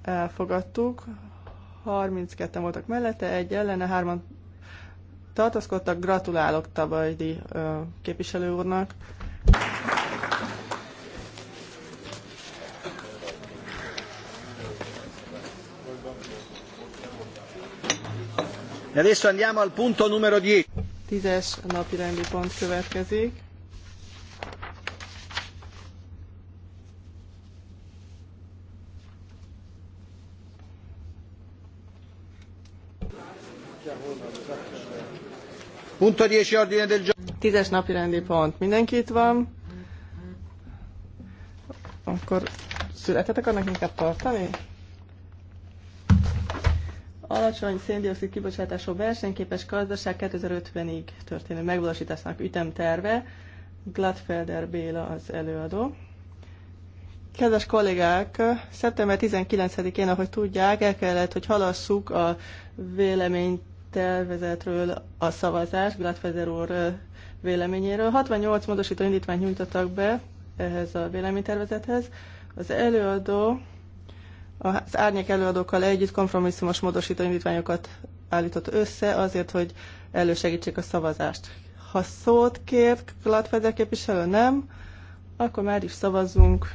elfogadtuk. 32-en voltak mellette, egy ellene, hárman tartozkodtak. Gratulálok Tabajdi képviselő úrnak. E adesso andiamo al punto numero 10. Tízes napi rendi pont következik. Punto 10 ordine del giorno. Tízes napi rendi pont. Mindenki itt van. Akkor születetek annak inkább tartani? alacsony széndiokszid kibocsátású versenyképes gazdaság 2050-ig történő megvalósításnak ütemterve. Gladfelder Béla az előadó. Kedves kollégák, szeptember 19-én, ahogy tudják, el kellett, hogy halasszuk a véleménytervezetről a szavazást, Gladfelder úr véleményéről. 68 módosító indítványt nyújtottak be ehhez a véleménytervezethez. Az előadó az árnyék előadókkal együtt kompromisszumos módosító indítványokat állított össze azért, hogy elősegítsék a szavazást. Ha szót kér Gladfeder képviselő, nem, akkor már is szavazzunk.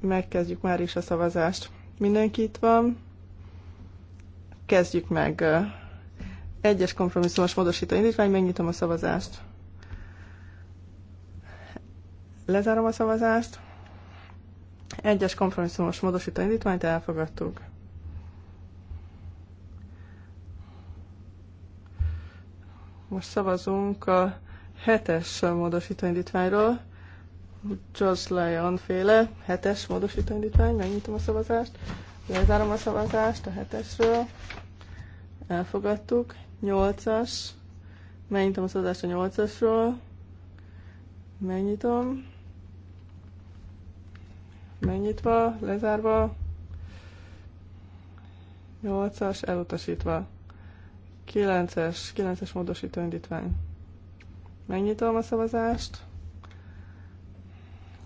Megkezdjük már is a szavazást. Mindenki itt van. Kezdjük meg. Egyes kompromisszumos módosító indítvány, megnyitom a szavazást. Lezárom a szavazást. Egyes kompromisszumos módosító indítványt elfogadtuk. Most szavazunk a hetes módosító indítványról. George Lyon féle hetes módosító indítvány. Megnyitom a szavazást. Lezárom a szavazást a hetesről. Elfogadtuk. Nyolcas. Megnyitom a szavazást a nyolcasról. Megnyitom. Megnyitva, lezárva. 8-as, elutasítva. 9-es, 9-es módosító indítvány. Megnyitom a szavazást.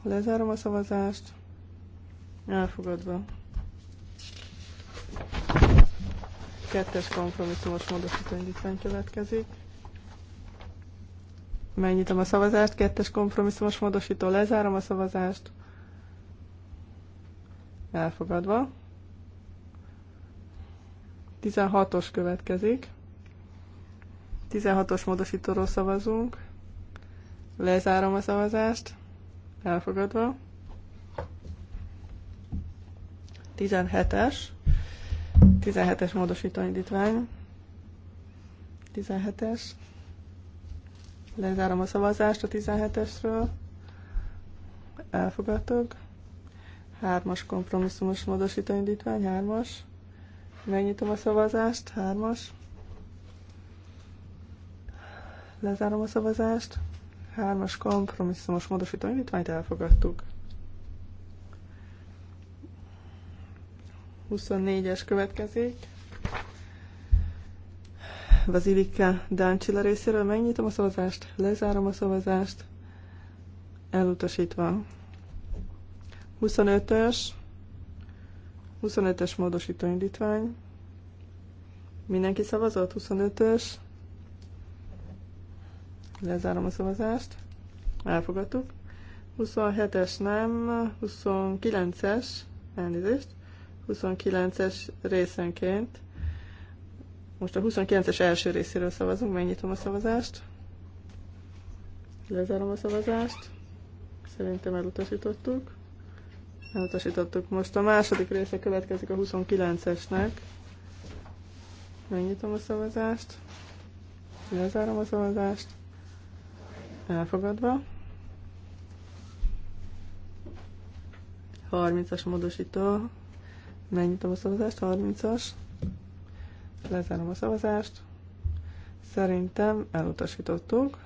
Lezárom a szavazást. Elfogadva. Kettes kompromisszumos módosító indítvány következik. Megnyitom a szavazást, kettes kompromisszumos módosító, lezárom a szavazást elfogadva. 16-os következik. 16-os módosítóról szavazunk. Lezárom a szavazást. Elfogadva. 17-es. 17-es módosító indítvány. 17-es. Lezárom a szavazást a 17-esről. Elfogadtok. Hármas kompromisszumos módosító indítvány, hármas. Megnyitom a szavazást, hármas. Lezárom a szavazást. Hármas kompromisszumos módosító indítványt elfogadtuk. 24-es következik. Vazilika Dáncsila részéről megnyitom a szavazást, lezárom a szavazást, elutasítva. 25-ös, 25-ös módosító indítvány. Mindenki szavazott? 25-ös. Lezárom a szavazást. Elfogadtuk. 27-es nem, 29-es, elnézést, 29-es részenként. Most a 29-es első részéről szavazunk, megnyitom a szavazást. Lezárom a szavazást. Szerintem elutasítottuk. Elutasítottuk. Most a második része következik a 29-esnek. Megnyitom a szavazást. Lezárom a szavazást. Elfogadva. 30-as módosító. Megnyitom a szavazást. 30-as. Lezárom a szavazást. Szerintem elutasítottuk.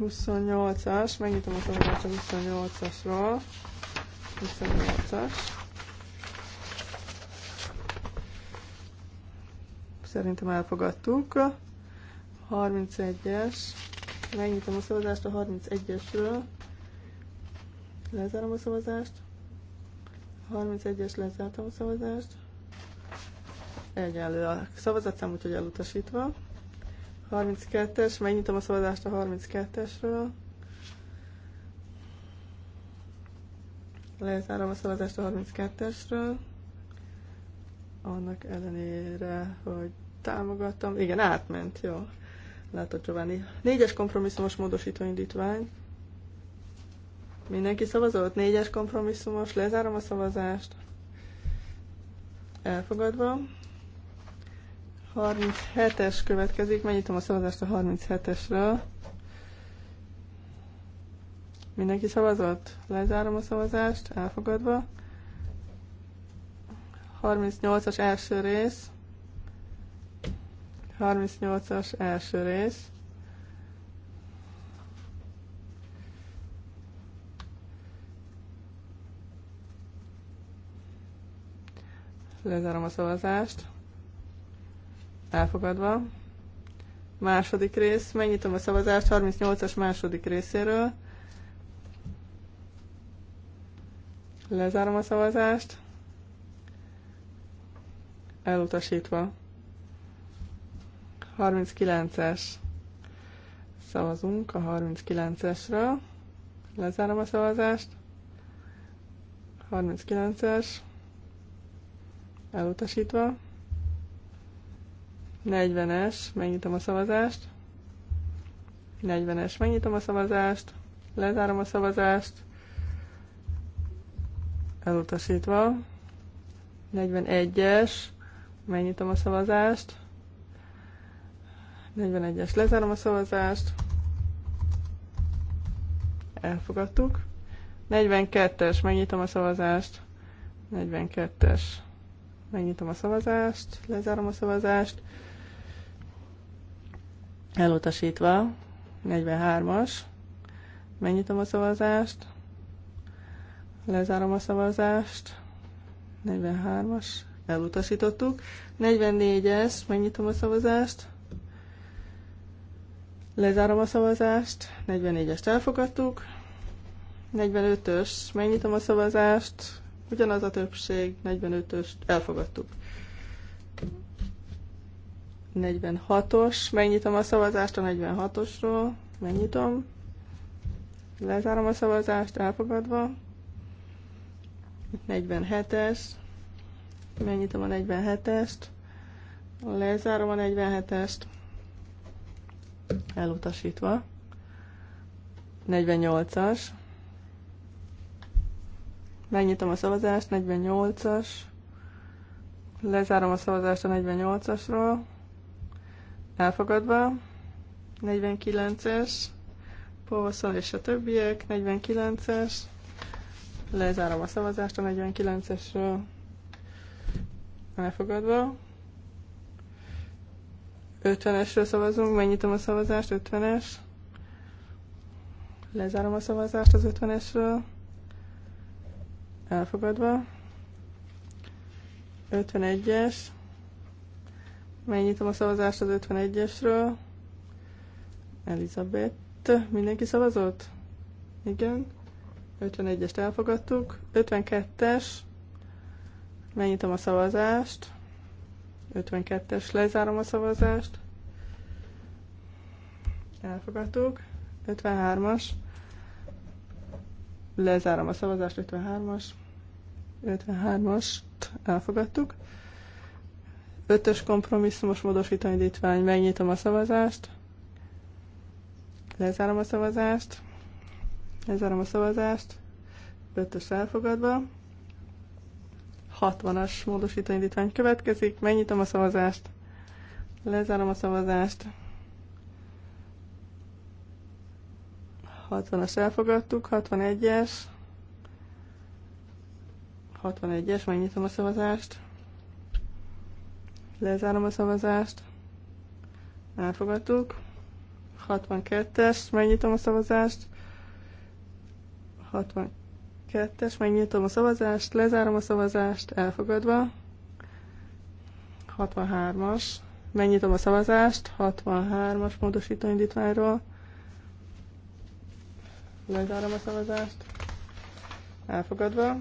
28-as, megnyitom a szavazást a 28-asról. 28-as. Szerintem elfogadtuk. 31-es. Megnyitom a szavazást a 31-esről. Lezárom a szavazást. 31-es lezártam a szavazást. Egyenlő a szavazatszám, úgyhogy elutasítva. 32-es, megnyitom a szavazást a 32-esről. Lezárom a szavazást a 32-esről. Annak ellenére, hogy támogattam. Igen, átment, jó. Látod, Giovanni. Négyes kompromisszumos módosítóindítvány. Mindenki szavazott? Négyes kompromisszumos. Lezárom a szavazást. Elfogadva. 37-es következik, megnyitom a szavazást a 37-esről. Mindenki szavazott? Lezárom a szavazást, elfogadva. 38-as első rész. 38-as első rész. Lezárom a szavazást elfogadva. Második rész, megnyitom a szavazást 38-as második részéről. Lezárom a szavazást. Elutasítva. 39-es. Szavazunk a 39-esről. Lezárom a szavazást. 39-es. Elutasítva. 40-es, megnyitom a szavazást. 40-es, megnyitom a szavazást. Lezárom a szavazást. Elutasítva. 41-es, megnyitom a szavazást. 41-es, lezárom a szavazást. Elfogadtuk. 42-es, megnyitom a szavazást. 42-es. Megnyitom a szavazást, lezárom a szavazást elutasítva, 43-as, megnyitom a szavazást, lezárom a szavazást, 43-as, elutasítottuk, 44-es, megnyitom a szavazást, lezárom a szavazást, 44-est elfogadtuk, 45-ös, megnyitom a szavazást, ugyanaz a többség, 45-öst elfogadtuk. 46-os, megnyitom a szavazást a 46-osról, megnyitom, lezárom a szavazást, elfogadva. 47-es, megnyitom a 47-est, lezárom a 47-est, elutasítva. 48-as, megnyitom a szavazást, 48-as, lezárom a szavazást a 48-asról, elfogadva, 49-es, Paulson és a többiek, 49-es, lezárom a szavazást a 49-esről, elfogadva, 50-esről szavazunk, megnyitom a szavazást, 50-es, lezárom a szavazást az 50-esről, elfogadva, 51-es, Megnyitom a szavazást az 51-esről. Elizabeth, mindenki szavazott? Igen. 51-est elfogadtuk. 52-es. Megnyitom a szavazást. 52-es, lezárom a szavazást. Elfogadtuk. 53-as. Lezárom a szavazást, 53-as. 53-ast elfogadtuk. Ötös kompromisszumos módosító indítvány, megnyitom a szavazást. Lezárom a szavazást. Lezárom a szavazást. Ötös elfogadva. 60-as módosító indítvány következik, megnyitom a szavazást. Lezárom a szavazást. 60-as elfogadtuk, 61-es. 61-es, megnyitom a szavazást. Lezárom a szavazást. Elfogadtuk. 62-es, megnyitom a szavazást. 62-es, megnyitom a szavazást, lezárom a szavazást, elfogadva. 63-as, megnyitom a szavazást, 63-as módosítóindítványról. Lezárom a szavazást. Elfogadva.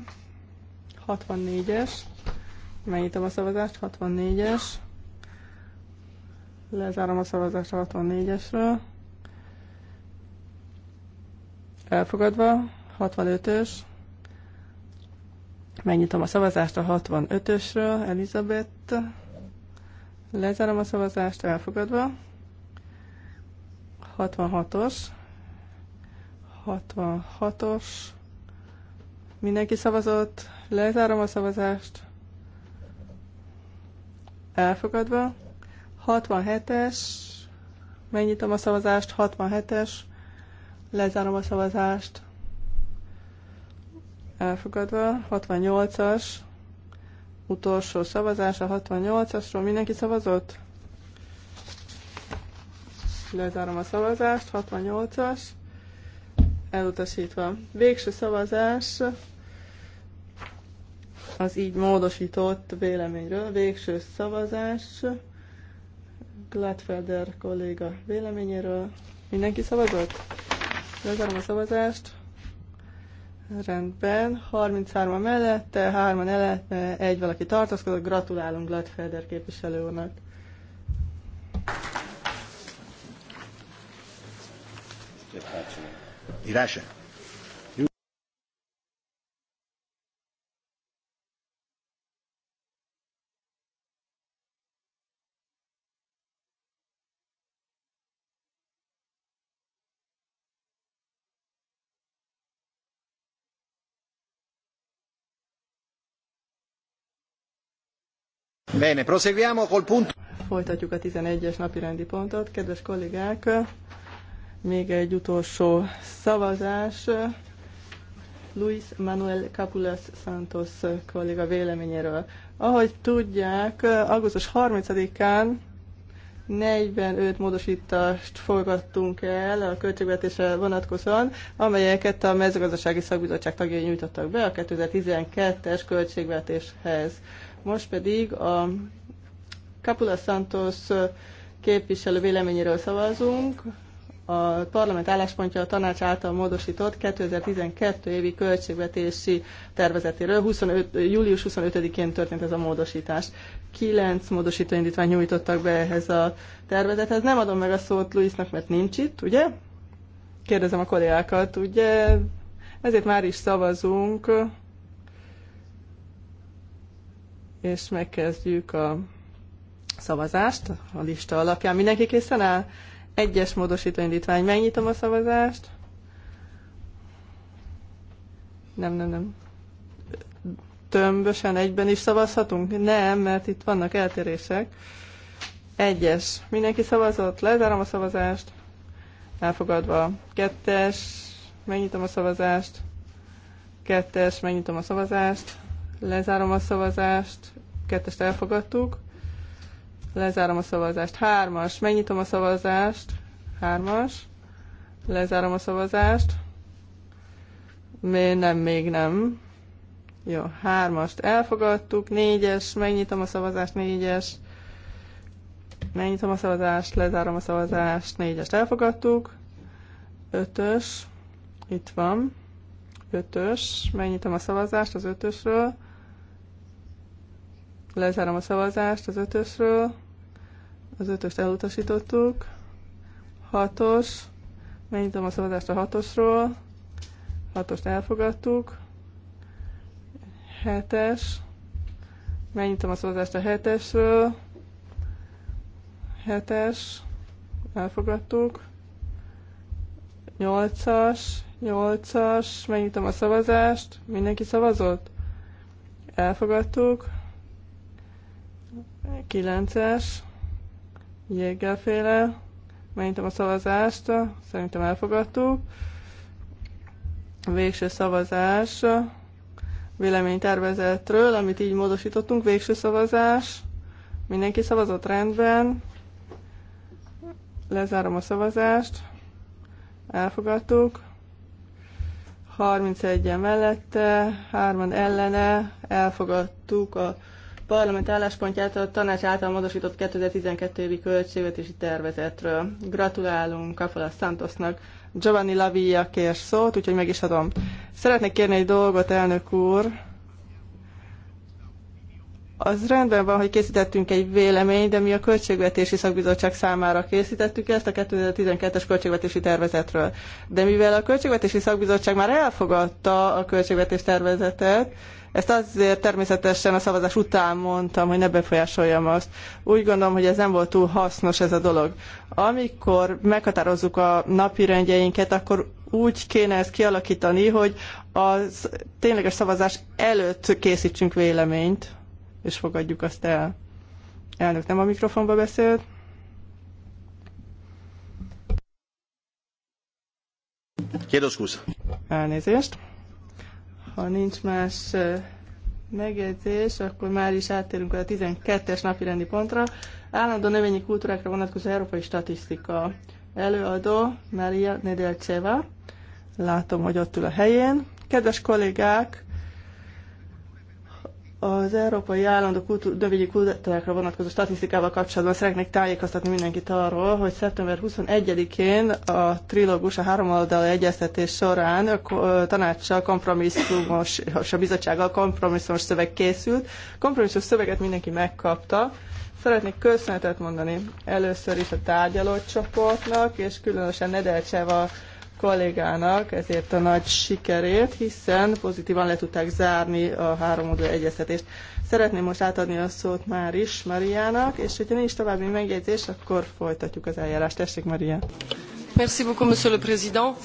64-es. Megnyitom a szavazást, 64-es. Lezárom a szavazást a 64-esről. Elfogadva, 65-ös. Megnyitom a szavazást a 65-ösről, Elizabeth. Lezárom a szavazást, elfogadva. 66-os. 66-os. Mindenki szavazott, lezárom a szavazást elfogadva. 67-es, megnyitom a szavazást, 67-es, lezárom a szavazást, elfogadva. 68-as, utolsó szavazás a 68-asról. Mindenki szavazott? Lezárom a szavazást, 68-as, elutasítva. Végső szavazás, az így módosított véleményről. Végső szavazás Gladfelder kolléga véleményéről. Mindenki szavazott? Lezárom a szavazást. Rendben, 33-a mellette, 3-an ellene, egy valaki tartózkodott. Gratulálunk Gladfelder képviselő úrnak. Írás? Bene, proseguiamo col punto. Folytatjuk a 11-es napi rendi pontot. Kedves kollégák, még egy utolsó szavazás. Luis Manuel Capulas Santos kolléga véleményéről. Ahogy tudják, augusztus 30-án 45 módosítást fogadtunk el a költségvetésre vonatkozóan, amelyeket a mezőgazdasági szakbizottság tagjai nyújtottak be a 2012-es költségvetéshez. Most pedig a Capula Santos képviselő véleményéről szavazunk. A parlament álláspontja a tanács által módosított 2012 évi költségvetési tervezetéről. 25, július 25-én történt ez a módosítás. Kilenc módosító indítvány nyújtottak be ehhez a tervezethez. Nem adom meg a szót Luisnak, mert nincs itt, ugye? Kérdezem a kollégákat, ugye? Ezért már is szavazunk és megkezdjük a szavazást a lista alapján. Mindenki készen áll? Egyes módosító indítvány. Megnyitom a szavazást. Nem, nem, nem. Tömbösen egyben is szavazhatunk? Nem, mert itt vannak eltérések. Egyes. Mindenki szavazott? Lezárom a szavazást. Elfogadva. Kettes. Megnyitom a szavazást. Kettes. Megnyitom a szavazást Lezárom a szavazást. Kettest elfogadtuk. Lezárom a szavazást. Hármas. Megnyitom a szavazást. Hármas. Lezárom a szavazást. Még nem, még nem. Jó, hármast elfogadtuk. Négyes. Megnyitom a szavazást. Négyes. Megnyitom a szavazást. Lezárom a szavazást. Négyest elfogadtuk. Ötös. Itt van. Ötös. Megnyitom a szavazást az ötösről. Lezárom a szavazást az ötösről. Az ötöst elutasítottuk. Hatos. Megnyitom a szavazást a hatosról. Hatost elfogadtuk. Hetes. Megnyitom a szavazást a hetesről. Hetes. Elfogadtuk. Nyolcas. Nyolcas. Megnyitom a szavazást. Mindenki szavazott? Elfogadtuk. 9-es, jéggelféle, megnyitom a szavazást, szerintem elfogadtuk. Végső szavazás véleménytervezetről, amit így módosítottunk, végső szavazás. Mindenki szavazott rendben. Lezárom a szavazást. Elfogadtuk. 31-en mellette, 3 ellene elfogadtuk a parlament álláspontját a tanács által módosított 2012 évi költségvetési tervezetről. Gratulálunk Kafala Santosnak. Giovanni Lavia kér szót, úgyhogy meg is adom. Szeretnék kérni egy dolgot, elnök úr. Az rendben van, hogy készítettünk egy véleményt, de mi a Költségvetési Szakbizottság számára készítettük ezt a 2012-es költségvetési tervezetről. De mivel a Költségvetési Szakbizottság már elfogadta a költségvetés tervezetet, ezt azért természetesen a szavazás után mondtam, hogy ne befolyásoljam azt. Úgy gondolom, hogy ez nem volt túl hasznos ez a dolog. Amikor meghatározzuk a napi rendjeinket, akkor úgy kéne ezt kialakítani, hogy a tényleges szavazás előtt készítsünk véleményt, és fogadjuk azt el. Elnök nem a mikrofonba beszélt. Kérdőszkúz. Elnézést. Ha nincs más megjegyzés, akkor már is áttérünk a 12-es napi rendi pontra. Állandó növényi kultúrákra vonatkozó európai statisztika. Előadó Maria Nedelceva. Látom, hogy ott ül a helyén. Kedves kollégák, az Európai Állandó Növényi Kultúrákra vonatkozó statisztikával kapcsolatban szeretnék tájékoztatni mindenkit arról, hogy szeptember 21-én a trilógus a oldal egyeztetés során a tanácssal kompromisszumos, és a bizottsággal kompromisszumos szöveg készült. Kompromisszumos szöveget mindenki megkapta. Szeretnék köszönetet mondani először is a tárgyalócsoportnak, és különösen Nedelcseva kollégának ezért a nagy sikerét, hiszen pozitívan le tudták zárni a három oldalú egyeztetést. Szeretném most átadni a szót már is Mariának, és hogyha nincs további megjegyzés, akkor folytatjuk az eljárást. Tessék, Maria! Merci beaucoup, monsieur le président.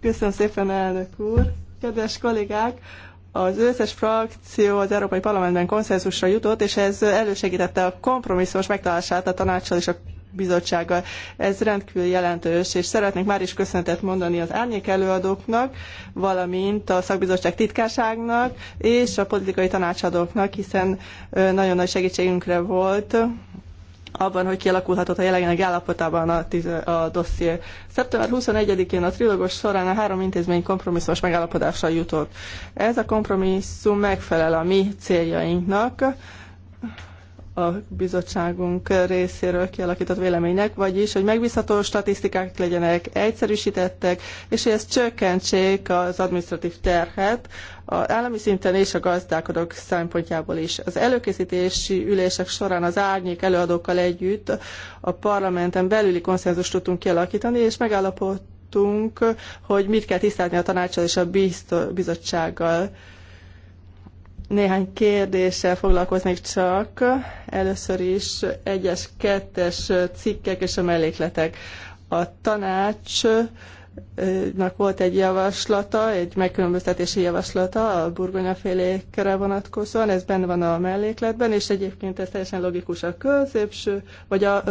Köszönöm szépen, elnök úr! Kedves kollégák! az összes frakció az Európai Parlamentben konszenzusra jutott, és ez elősegítette a kompromisszumos megtalálását a tanácssal és a bizottsággal. Ez rendkívül jelentős, és szeretnék már is köszöntet mondani az árnyék előadóknak, valamint a szakbizottság titkárságnak és a politikai tanácsadóknak, hiszen nagyon nagy segítségünkre volt abban, hogy kialakulhatott a jelenlegi állapotában a, a dosszié. Szeptember 21-én a trilogos során a három intézmény kompromisszumos megállapodásra jutott. Ez a kompromisszum megfelel a mi céljainknak, a bizottságunk részéről kialakított véleménynek, vagyis, hogy megbízható statisztikák legyenek, egyszerűsítettek, és hogy ez csökkentsék az administratív terhet az állami szinten és a gazdálkodók szempontjából is. Az előkészítési ülések során az árnyék előadókkal együtt a parlamenten belüli konszenzust tudtunk kialakítani, és megállapodtunk, hogy mit kell tisztázni a tanácssal és a bizottsággal néhány kérdéssel foglalkoznék csak. Először is egyes, kettes cikkek és a mellékletek. A tanácsnak volt egy javaslata, egy megkülönböztetési javaslata a burgonyafélékre vonatkozóan, ez benne van a mellékletben, és egyébként ez teljesen logikus a középső, vagy a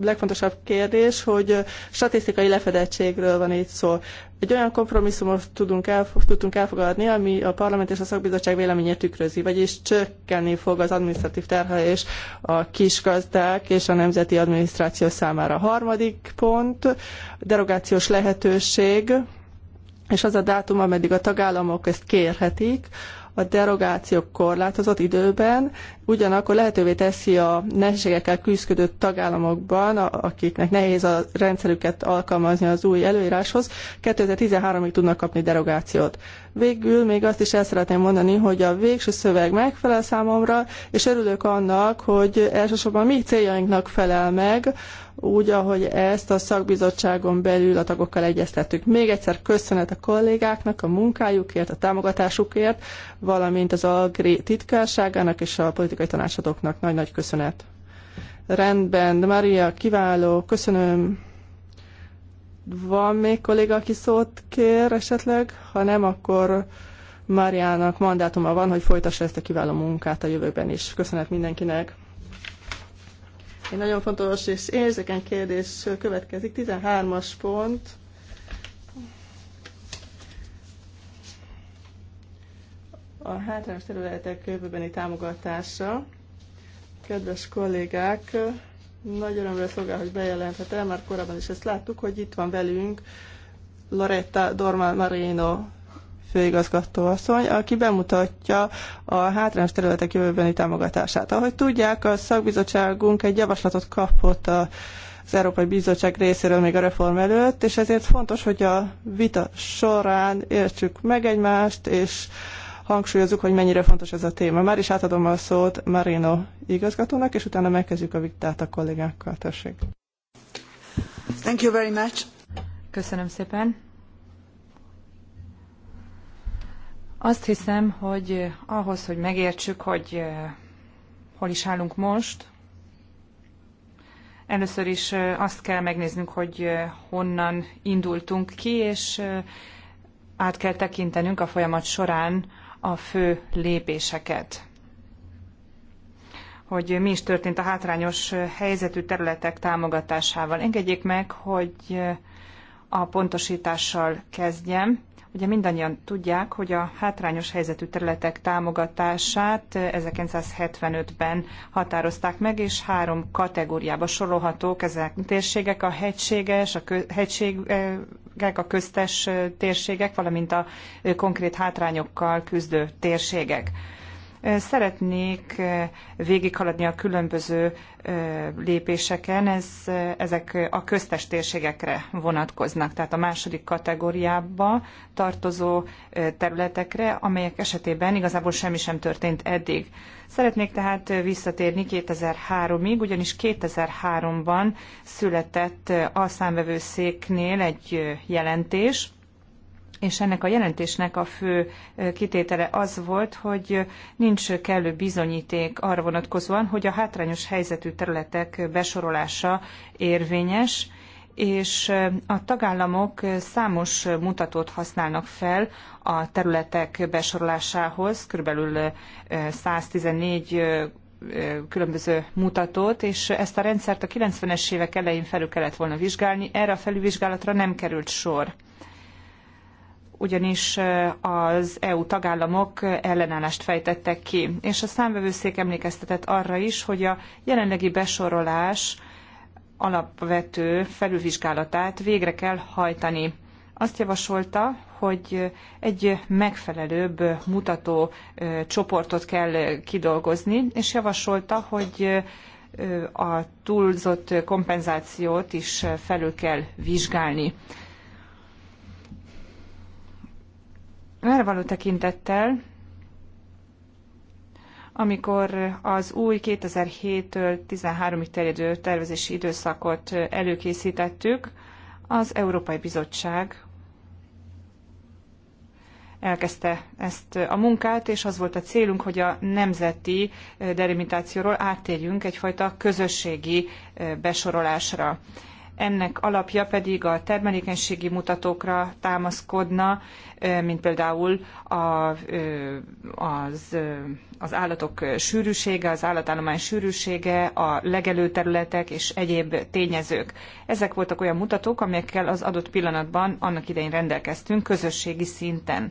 legfontosabb kérdés, hogy statisztikai lefedettségről van itt szó. Egy olyan kompromisszumot tudunk tudtunk elfogadni, ami a parlament és a szakbizottság véleményét tükrözi, vagyis csökkenni fog az adminisztratív terhelés, a a kisgazdák és a nemzeti adminisztráció számára. A harmadik pont, derogációs lehetőség, és az a dátum, ameddig a tagállamok ezt kérhetik, a derogációk korlátozott időben, ugyanakkor lehetővé teszi a nehézségekkel küzdködő tagállamokban, akiknek nehéz a rendszerüket alkalmazni az új előíráshoz, 2013-ig tudnak kapni derogációt. Végül még azt is el szeretném mondani, hogy a végső szöveg megfelel számomra, és örülök annak, hogy elsősorban mi céljainknak felel meg, úgy, ahogy ezt a szakbizottságon belül a tagokkal egyeztettük. Még egyszer köszönet a kollégáknak a munkájukért, a támogatásukért, valamint az Agri titkárságának és a politikai politikai tanácsadóknak nagy-nagy köszönet. Rendben, Maria, kiváló, köszönöm. Van még kolléga, aki szót kér esetleg? Ha nem, akkor Máriának mandátuma van, hogy folytassa ezt a kiváló munkát a jövőben is. Köszönet mindenkinek! Egy nagyon fontos és érzékeny kérdés következik. 13-as pont a hátrányos területek jövőbeni támogatása. Kedves kollégák, nagy örömre szolgál, hogy bejelenthetem, már korábban is ezt láttuk, hogy itt van velünk Loretta Dorman Marino főigazgató asszony, aki bemutatja a hátrányos területek jövőbeni támogatását. Ahogy tudják, a szakbizottságunk egy javaslatot kapott a az Európai Bizottság részéről még a reform előtt, és ezért fontos, hogy a vita során értsük meg egymást, és hangsúlyozzuk, hogy mennyire fontos ez a téma. Már is átadom a szót Marino igazgatónak, és utána megkezdjük a vitát a kollégákkal. Tessék. Thank you very much. Köszönöm szépen. Azt hiszem, hogy ahhoz, hogy megértsük, hogy eh, hol is állunk most, először is eh, azt kell megnéznünk, hogy eh, honnan indultunk ki, és át kell tekintenünk a folyamat során a fő lépéseket hogy mi is történt a hátrányos helyzetű területek támogatásával. Engedjék meg, hogy a pontosítással kezdjem. Ugye mindannyian tudják, hogy a hátrányos helyzetű területek támogatását 1975-ben határozták meg, és három kategóriába sorolhatók ezek térségek, a hegységes, a kö, hegység eh, térségek, a köztes térségek, valamint a konkrét hátrányokkal küzdő térségek. Szeretnék végighaladni a különböző lépéseken, ez, ezek a köztes térségekre vonatkoznak, tehát a második kategóriába tartozó területekre, amelyek esetében igazából semmi sem történt eddig. Szeretnék tehát visszatérni 2003-ig, ugyanis 2003-ban született a számvevőszéknél egy jelentés, és ennek a jelentésnek a fő kitétele az volt, hogy nincs kellő bizonyíték arra vonatkozóan, hogy a hátrányos helyzetű területek besorolása érvényes, és a tagállamok számos mutatót használnak fel a területek besorolásához, körülbelül 114 különböző mutatót, és ezt a rendszert a 90-es évek elején felül kellett volna vizsgálni, erre a felülvizsgálatra nem került sor ugyanis az EU tagállamok ellenállást fejtettek ki. És a számvevőszék emlékeztetett arra is, hogy a jelenlegi besorolás alapvető felülvizsgálatát végre kell hajtani. Azt javasolta, hogy egy megfelelőbb mutató csoportot kell kidolgozni, és javasolta, hogy a túlzott kompenzációt is felül kell vizsgálni. Erre való tekintettel, amikor az új 2007-től 13-ig terjedő tervezési időszakot előkészítettük, az Európai Bizottság elkezdte ezt a munkát, és az volt a célunk, hogy a nemzeti delimitációról áttérjünk egyfajta közösségi besorolásra ennek alapja pedig a termelékenységi mutatókra támaszkodna, mint például a, az, az állatok sűrűsége, az állatállomány sűrűsége, a legelőterületek és egyéb tényezők. Ezek voltak olyan mutatók, amelyekkel az adott pillanatban annak idején rendelkeztünk közösségi szinten.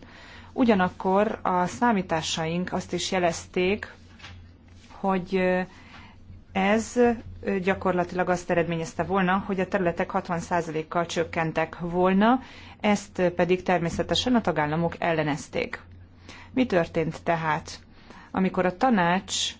Ugyanakkor a számításaink azt is jelezték, hogy ez gyakorlatilag azt eredményezte volna, hogy a területek 60%-kal csökkentek volna, ezt pedig természetesen a tagállamok ellenezték. Mi történt tehát? Amikor a tanács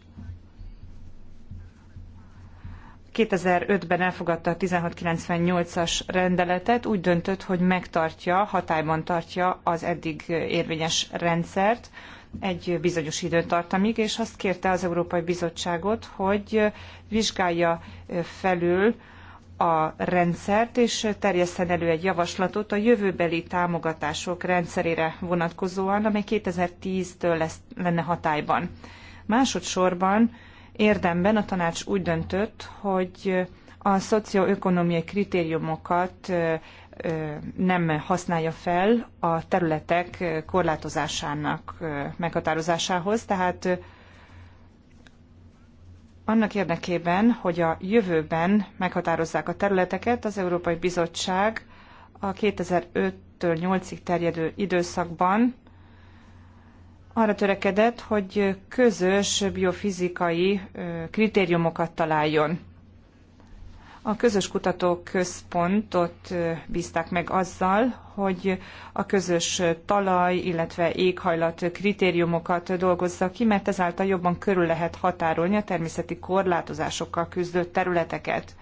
2005-ben elfogadta a 1698-as rendeletet, úgy döntött, hogy megtartja, hatályban tartja az eddig érvényes rendszert, egy bizonyos időtartamig, és azt kérte az Európai Bizottságot, hogy vizsgálja felül a rendszert, és terjesszen elő egy javaslatot a jövőbeli támogatások rendszerére vonatkozóan, amely 2010-től lesz, lenne hatályban. Másodszorban érdemben a tanács úgy döntött, hogy a szocioökonomiai kritériumokat nem használja fel a területek korlátozásának meghatározásához, tehát annak érdekében, hogy a jövőben meghatározzák a területeket, az Európai Bizottság a 2005-től 8-ig terjedő időszakban arra törekedett, hogy közös biofizikai kritériumokat találjon a közös kutatóközpontot bízták meg azzal, hogy a közös talaj, illetve éghajlat kritériumokat dolgozza ki, mert ezáltal jobban körül lehet határolni a természeti korlátozásokkal küzdött területeket.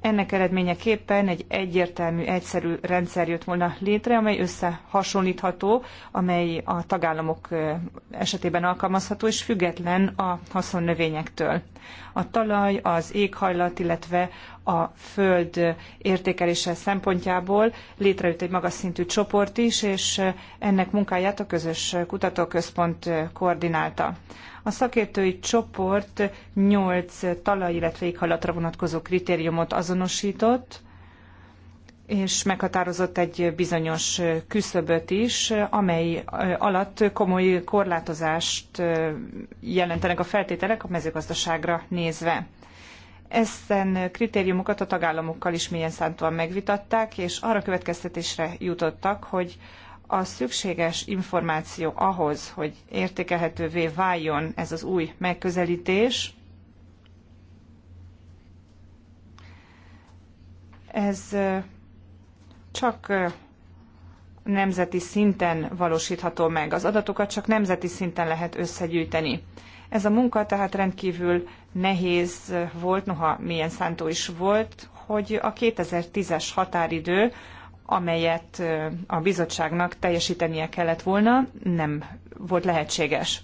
Ennek eredményeképpen egy egyértelmű, egyszerű rendszer jött volna létre, amely összehasonlítható, amely a tagállamok esetében alkalmazható és független a haszonnövényektől. A talaj, az éghajlat, illetve a föld értékelése szempontjából létrejött egy magas szintű csoport is, és ennek munkáját a közös kutatóközpont koordinálta. A szakértői csoport nyolc talaj, illetve éghajlatra vonatkozó kritériumot azonosított, és meghatározott egy bizonyos küszöböt is, amely alatt komoly korlátozást jelentenek a feltételek a mezőgazdaságra nézve. Ezen kritériumokat a tagállamokkal is mélyen szántóan megvitatták, és arra következtetésre jutottak, hogy a szükséges információ ahhoz, hogy értékelhetővé váljon ez az új megközelítés, ez csak nemzeti szinten valósítható meg. Az adatokat csak nemzeti szinten lehet összegyűjteni. Ez a munka tehát rendkívül nehéz volt, noha milyen szántó is volt, hogy a 2010-es határidő, amelyet a bizottságnak teljesítenie kellett volna, nem volt lehetséges.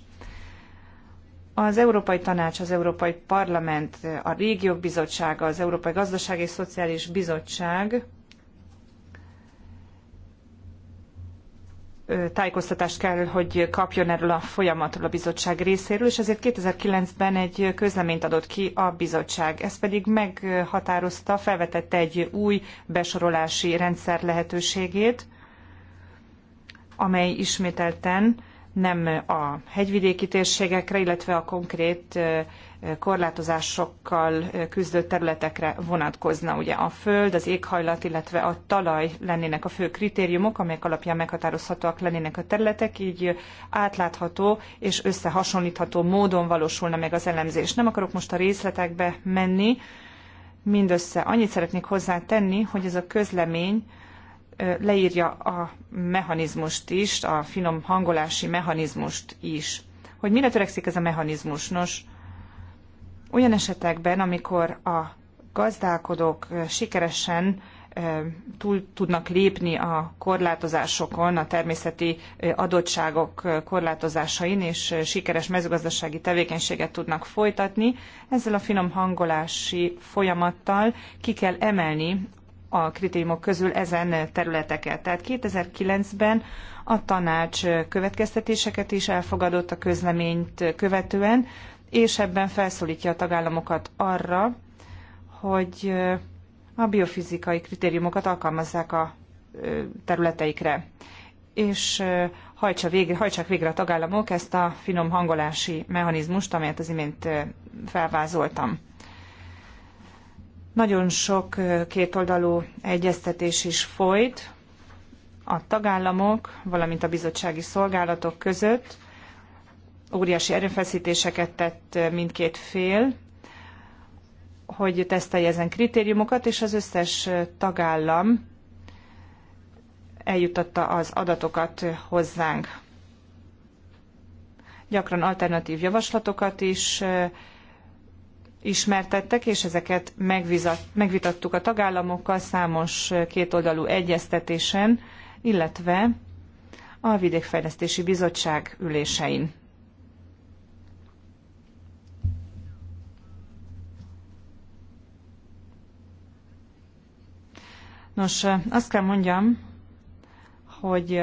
Az Európai Tanács, az Európai Parlament, a Régiók Bizottsága, az Európai Gazdasági és Szociális Bizottság tájékoztatást kell, hogy kapjon erről a folyamatról a bizottság részéről, és ezért 2009-ben egy közleményt adott ki a bizottság. Ez pedig meghatározta, felvetette egy új besorolási rendszer lehetőségét, amely ismételten nem a hegyvidéki térségekre, illetve a konkrét korlátozásokkal küzdő területekre vonatkozna. Ugye a föld, az éghajlat, illetve a talaj lennének a fő kritériumok, amelyek alapján meghatározhatóak lennének a területek, így átlátható és összehasonlítható módon valósulna meg az elemzés. Nem akarok most a részletekbe menni, mindössze annyit szeretnék hozzátenni, hogy ez a közlemény leírja a mechanizmust is, a finom hangolási mechanizmust is. Hogy mire törekszik ez a mechanizmus? Nos, olyan esetekben, amikor a gazdálkodók sikeresen túl tudnak lépni a korlátozásokon, a természeti adottságok korlátozásain, és sikeres mezőgazdasági tevékenységet tudnak folytatni. Ezzel a finom hangolási folyamattal ki kell emelni a kritériumok közül ezen területeket. Tehát 2009-ben a tanács következtetéseket is elfogadott a közleményt követően, és ebben felszólítja a tagállamokat arra, hogy a biofizikai kritériumokat alkalmazzák a területeikre, és hajtsa végre, hajtsák végre a tagállamok ezt a finom hangolási mechanizmust, amelyet az imént felvázoltam. Nagyon sok kétoldalú egyeztetés is folyt a tagállamok, valamint a bizottsági szolgálatok között, óriási erőfeszítéseket tett mindkét fél, hogy tesztelje ezen kritériumokat, és az összes tagállam eljutatta az adatokat hozzánk. Gyakran alternatív javaslatokat is ismertettek, és ezeket megvitattuk a tagállamokkal számos kétoldalú egyeztetésen, illetve a Vidékfejlesztési Bizottság ülésein. Nos, azt kell mondjam, hogy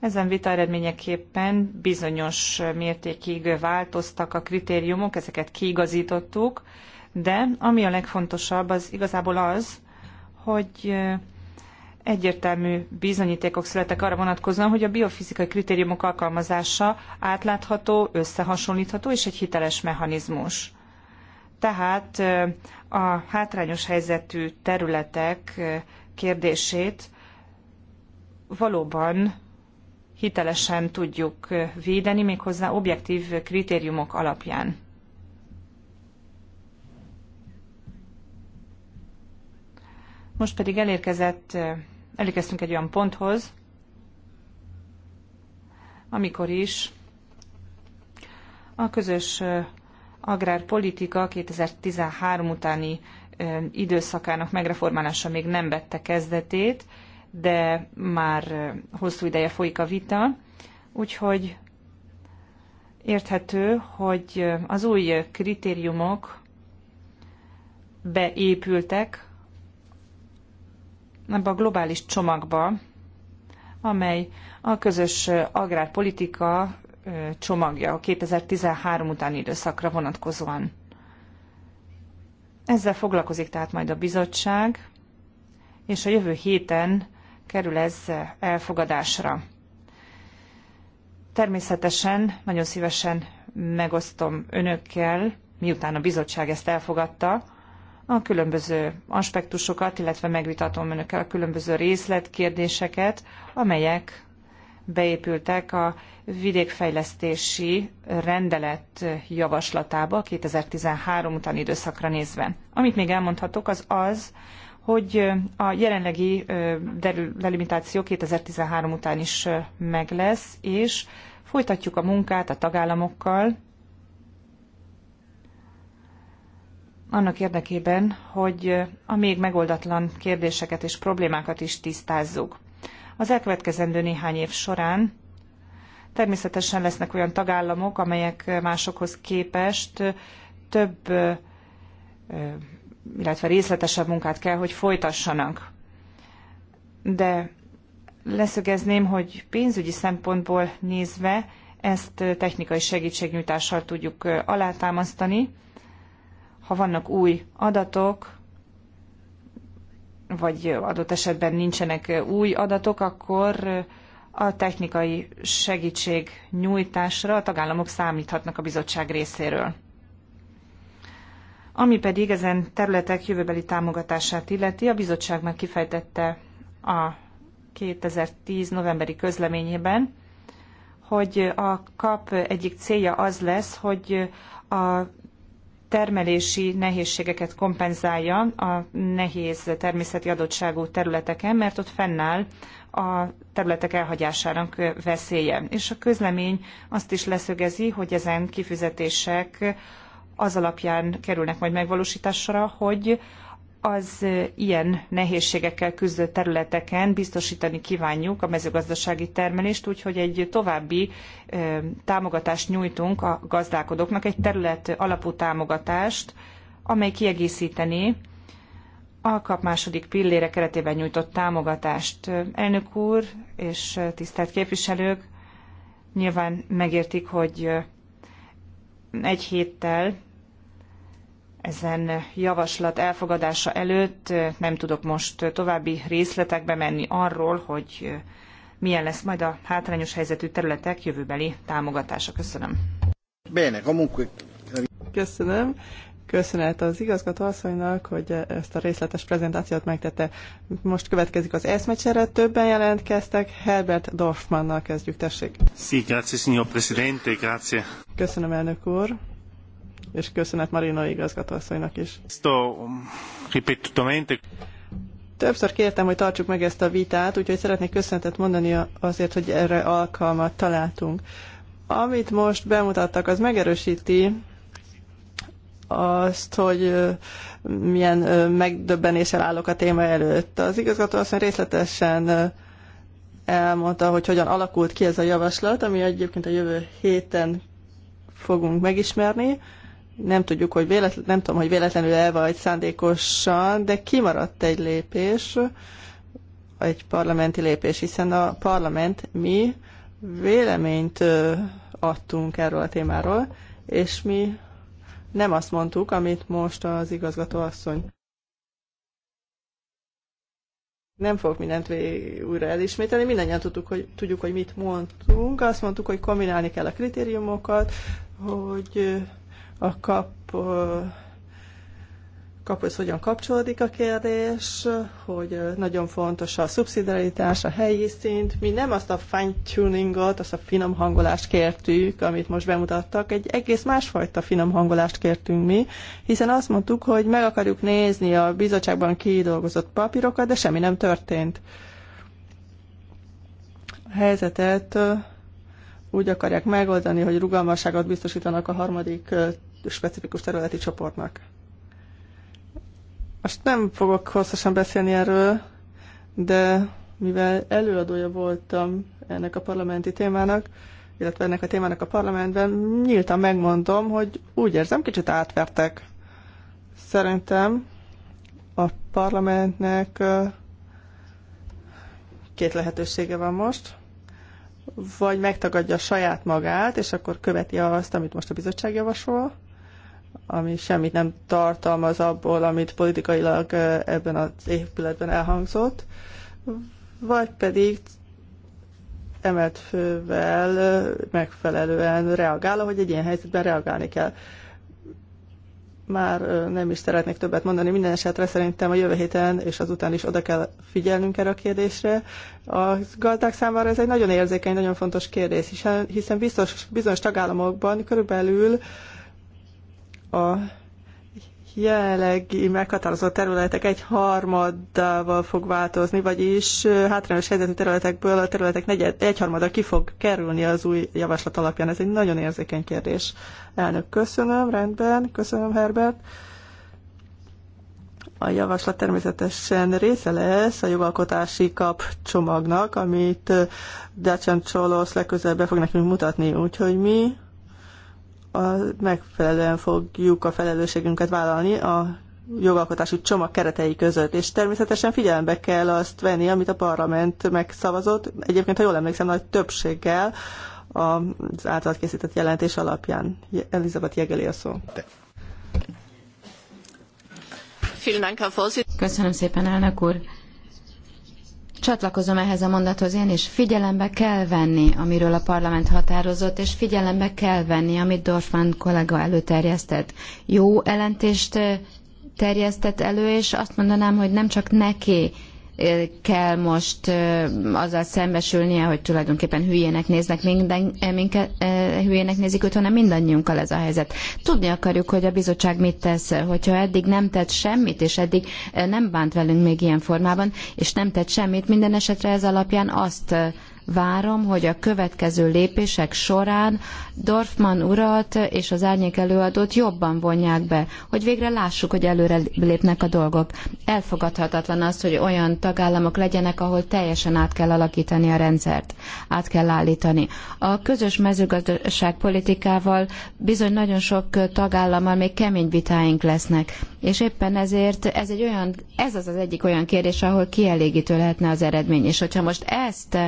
ezen vita eredményeképpen bizonyos mértékig változtak a kritériumok, ezeket kiigazítottuk, de ami a legfontosabb, az igazából az, hogy egyértelmű bizonyítékok születtek arra vonatkozóan, hogy a biofizikai kritériumok alkalmazása átlátható, összehasonlítható és egy hiteles mechanizmus. Tehát a hátrányos helyzetű területek kérdését valóban hitelesen tudjuk védeni, méghozzá objektív kritériumok alapján. Most pedig elérkezett, elérkeztünk egy olyan ponthoz, amikor is a közös agrárpolitika 2013 utáni időszakának megreformálása még nem vette kezdetét, de már hosszú ideje folyik a vita, úgyhogy érthető, hogy az új kritériumok beépültek ebbe a globális csomagba, amely a közös agrárpolitika csomagja a 2013 utáni időszakra vonatkozóan. Ezzel foglalkozik tehát majd a bizottság, és a jövő héten kerül ez elfogadásra. Természetesen nagyon szívesen megosztom önökkel, miután a bizottság ezt elfogadta, a különböző aspektusokat, illetve megvitatom önökkel a különböző részletkérdéseket, amelyek beépültek a vidékfejlesztési rendelet javaslatába 2013 utáni időszakra nézve. Amit még elmondhatok, az az, hogy a jelenlegi delimitáció 2013 után is meg lesz, és folytatjuk a munkát a tagállamokkal, annak érdekében, hogy a még megoldatlan kérdéseket és problémákat is tisztázzuk. Az elkövetkezendő néhány év során természetesen lesznek olyan tagállamok, amelyek másokhoz képest több, illetve részletesebb munkát kell, hogy folytassanak. De leszögezném, hogy pénzügyi szempontból nézve ezt technikai segítségnyújtással tudjuk alátámasztani. Ha vannak új adatok, vagy adott esetben nincsenek új adatok, akkor a technikai segítség nyújtásra a tagállamok számíthatnak a bizottság részéről. Ami pedig ezen területek jövőbeli támogatását illeti, a bizottság már kifejtette a 2010 novemberi közleményében, hogy a kap egyik célja az lesz, hogy a termelési nehézségeket kompenzálja a nehéz természeti adottságú területeken, mert ott fennáll a területek elhagyásának veszélye. És a közlemény azt is leszögezi, hogy ezen kifizetések az alapján kerülnek majd megvalósításra, hogy az ilyen nehézségekkel küzdő területeken biztosítani kívánjuk a mezőgazdasági termelést, úgyhogy egy további támogatást nyújtunk a gazdálkodóknak, egy terület alapú támogatást, amely kiegészíteni a kap második pillére keretében nyújtott támogatást. Elnök úr és tisztelt képviselők nyilván megértik, hogy egy héttel ezen javaslat elfogadása előtt nem tudok most további részletekbe menni arról, hogy milyen lesz majd a hátrányos helyzetű területek jövőbeli támogatása. Köszönöm. Bene, comunque. Köszönöm. Köszönet az igazgató asszonynak, hogy ezt a részletes prezentációt megtette. Most következik az eszmecsere, többen jelentkeztek. Herbert Dorfmannnal kezdjük, tessék. Sí, grazie, signor Presidente, grazie. Köszönöm, elnök úr és köszönet Marino igazgatóasszonynak is. Um, Többször kértem, hogy tartsuk meg ezt a vitát, úgyhogy szeretnék köszönetet mondani azért, hogy erre alkalmat találtunk. Amit most bemutattak, az megerősíti azt, hogy milyen megdöbbenéssel állok a téma előtt. Az igazgató azt részletesen elmondta, hogy hogyan alakult ki ez a javaslat, ami egyébként a jövő héten fogunk megismerni nem tudjuk, hogy véletlen, nem tudom, hogy véletlenül el vagy szándékosan, de kimaradt egy lépés, egy parlamenti lépés, hiszen a parlament mi véleményt adtunk erről a témáról, és mi nem azt mondtuk, amit most az igazgató asszony. Nem fogok mindent újra elismételni, mindannyian tudtuk, hogy, tudjuk, hogy mit mondtunk. Azt mondtuk, hogy kombinálni kell a kritériumokat, hogy a kap kaphoz hogyan kapcsolódik a kérdés, hogy nagyon fontos a szubszidiaritás, a helyi szint. Mi nem azt a fine-tuningot, azt a finom hangolást kértük, amit most bemutattak, egy egész másfajta finom hangolást kértünk mi, hiszen azt mondtuk, hogy meg akarjuk nézni a bizottságban kidolgozott papírokat, de semmi nem történt. A helyzetet úgy akarják megoldani, hogy rugalmasságot biztosítanak a harmadik specifikus területi csoportnak. Most nem fogok hosszasan beszélni erről, de mivel előadója voltam ennek a parlamenti témának, illetve ennek a témának a parlamentben, nyíltan megmondom, hogy úgy érzem, kicsit átvertek. Szerintem a parlamentnek két lehetősége van most. Vagy megtagadja saját magát, és akkor követi azt, amit most a bizottság javasol, ami semmit nem tartalmaz abból, amit politikailag ebben az épületben elhangzott, vagy pedig emelt fővel megfelelően reagál, hogy egy ilyen helyzetben reagálni kell. Már nem is szeretnék többet mondani, minden esetre szerintem a jövő héten és azután is oda kell figyelnünk erre a kérdésre. A gazdák számára ez egy nagyon érzékeny, nagyon fontos kérdés, hiszen biztos, bizonyos tagállamokban körülbelül a jelenlegi meghatározott területek egy harmadával fog változni, vagyis hátrányos helyzetű területekből a területek egyharmada ki fog kerülni az új javaslat alapján. Ez egy nagyon érzékeny kérdés. Elnök, köszönöm, rendben, köszönöm Herbert. A javaslat természetesen része lesz a jogalkotási kap csomagnak, amit Dacian Csolosz legközelebb be fog nekünk mutatni, úgyhogy mi a, megfelelően fogjuk a felelősségünket vállalni a jogalkotási csomag keretei között, és természetesen figyelembe kell azt venni, amit a parlament megszavazott, egyébként, ha jól emlékszem, nagy többséggel az által készített jelentés alapján. Elizabeth Jegeli a szó. Köszönöm szépen, elnök úr. Csatlakozom ehhez a mondathoz én is. Figyelembe kell venni, amiről a parlament határozott, és figyelembe kell venni, amit Dorfman kollega előterjesztett. Jó ellentést eh, terjesztett elő, és azt mondanám, hogy nem csak neki kell most azzal szembesülnie, hogy tulajdonképpen hülyének néznek minden, eh, minket, eh, hülyének nézik őt, hanem mindannyiunkkal ez a helyzet. Tudni akarjuk, hogy a bizottság mit tesz, hogyha eddig nem tett semmit, és eddig eh, nem bánt velünk még ilyen formában, és nem tett semmit, minden esetre ez alapján azt Várom, hogy a következő lépések során Dorfman urat és az árnyék előadót jobban vonják be, hogy végre lássuk, hogy előre lépnek a dolgok. Elfogadhatatlan az, hogy olyan tagállamok legyenek, ahol teljesen át kell alakítani a rendszert, át kell állítani. A közös mezőgazdaságpolitikával bizony nagyon sok tagállammal még kemény vitáink lesznek, és éppen ezért ez egy olyan, ez az az egyik olyan kérdés, ahol kielégítő lehetne az eredmény. És hogyha most ezt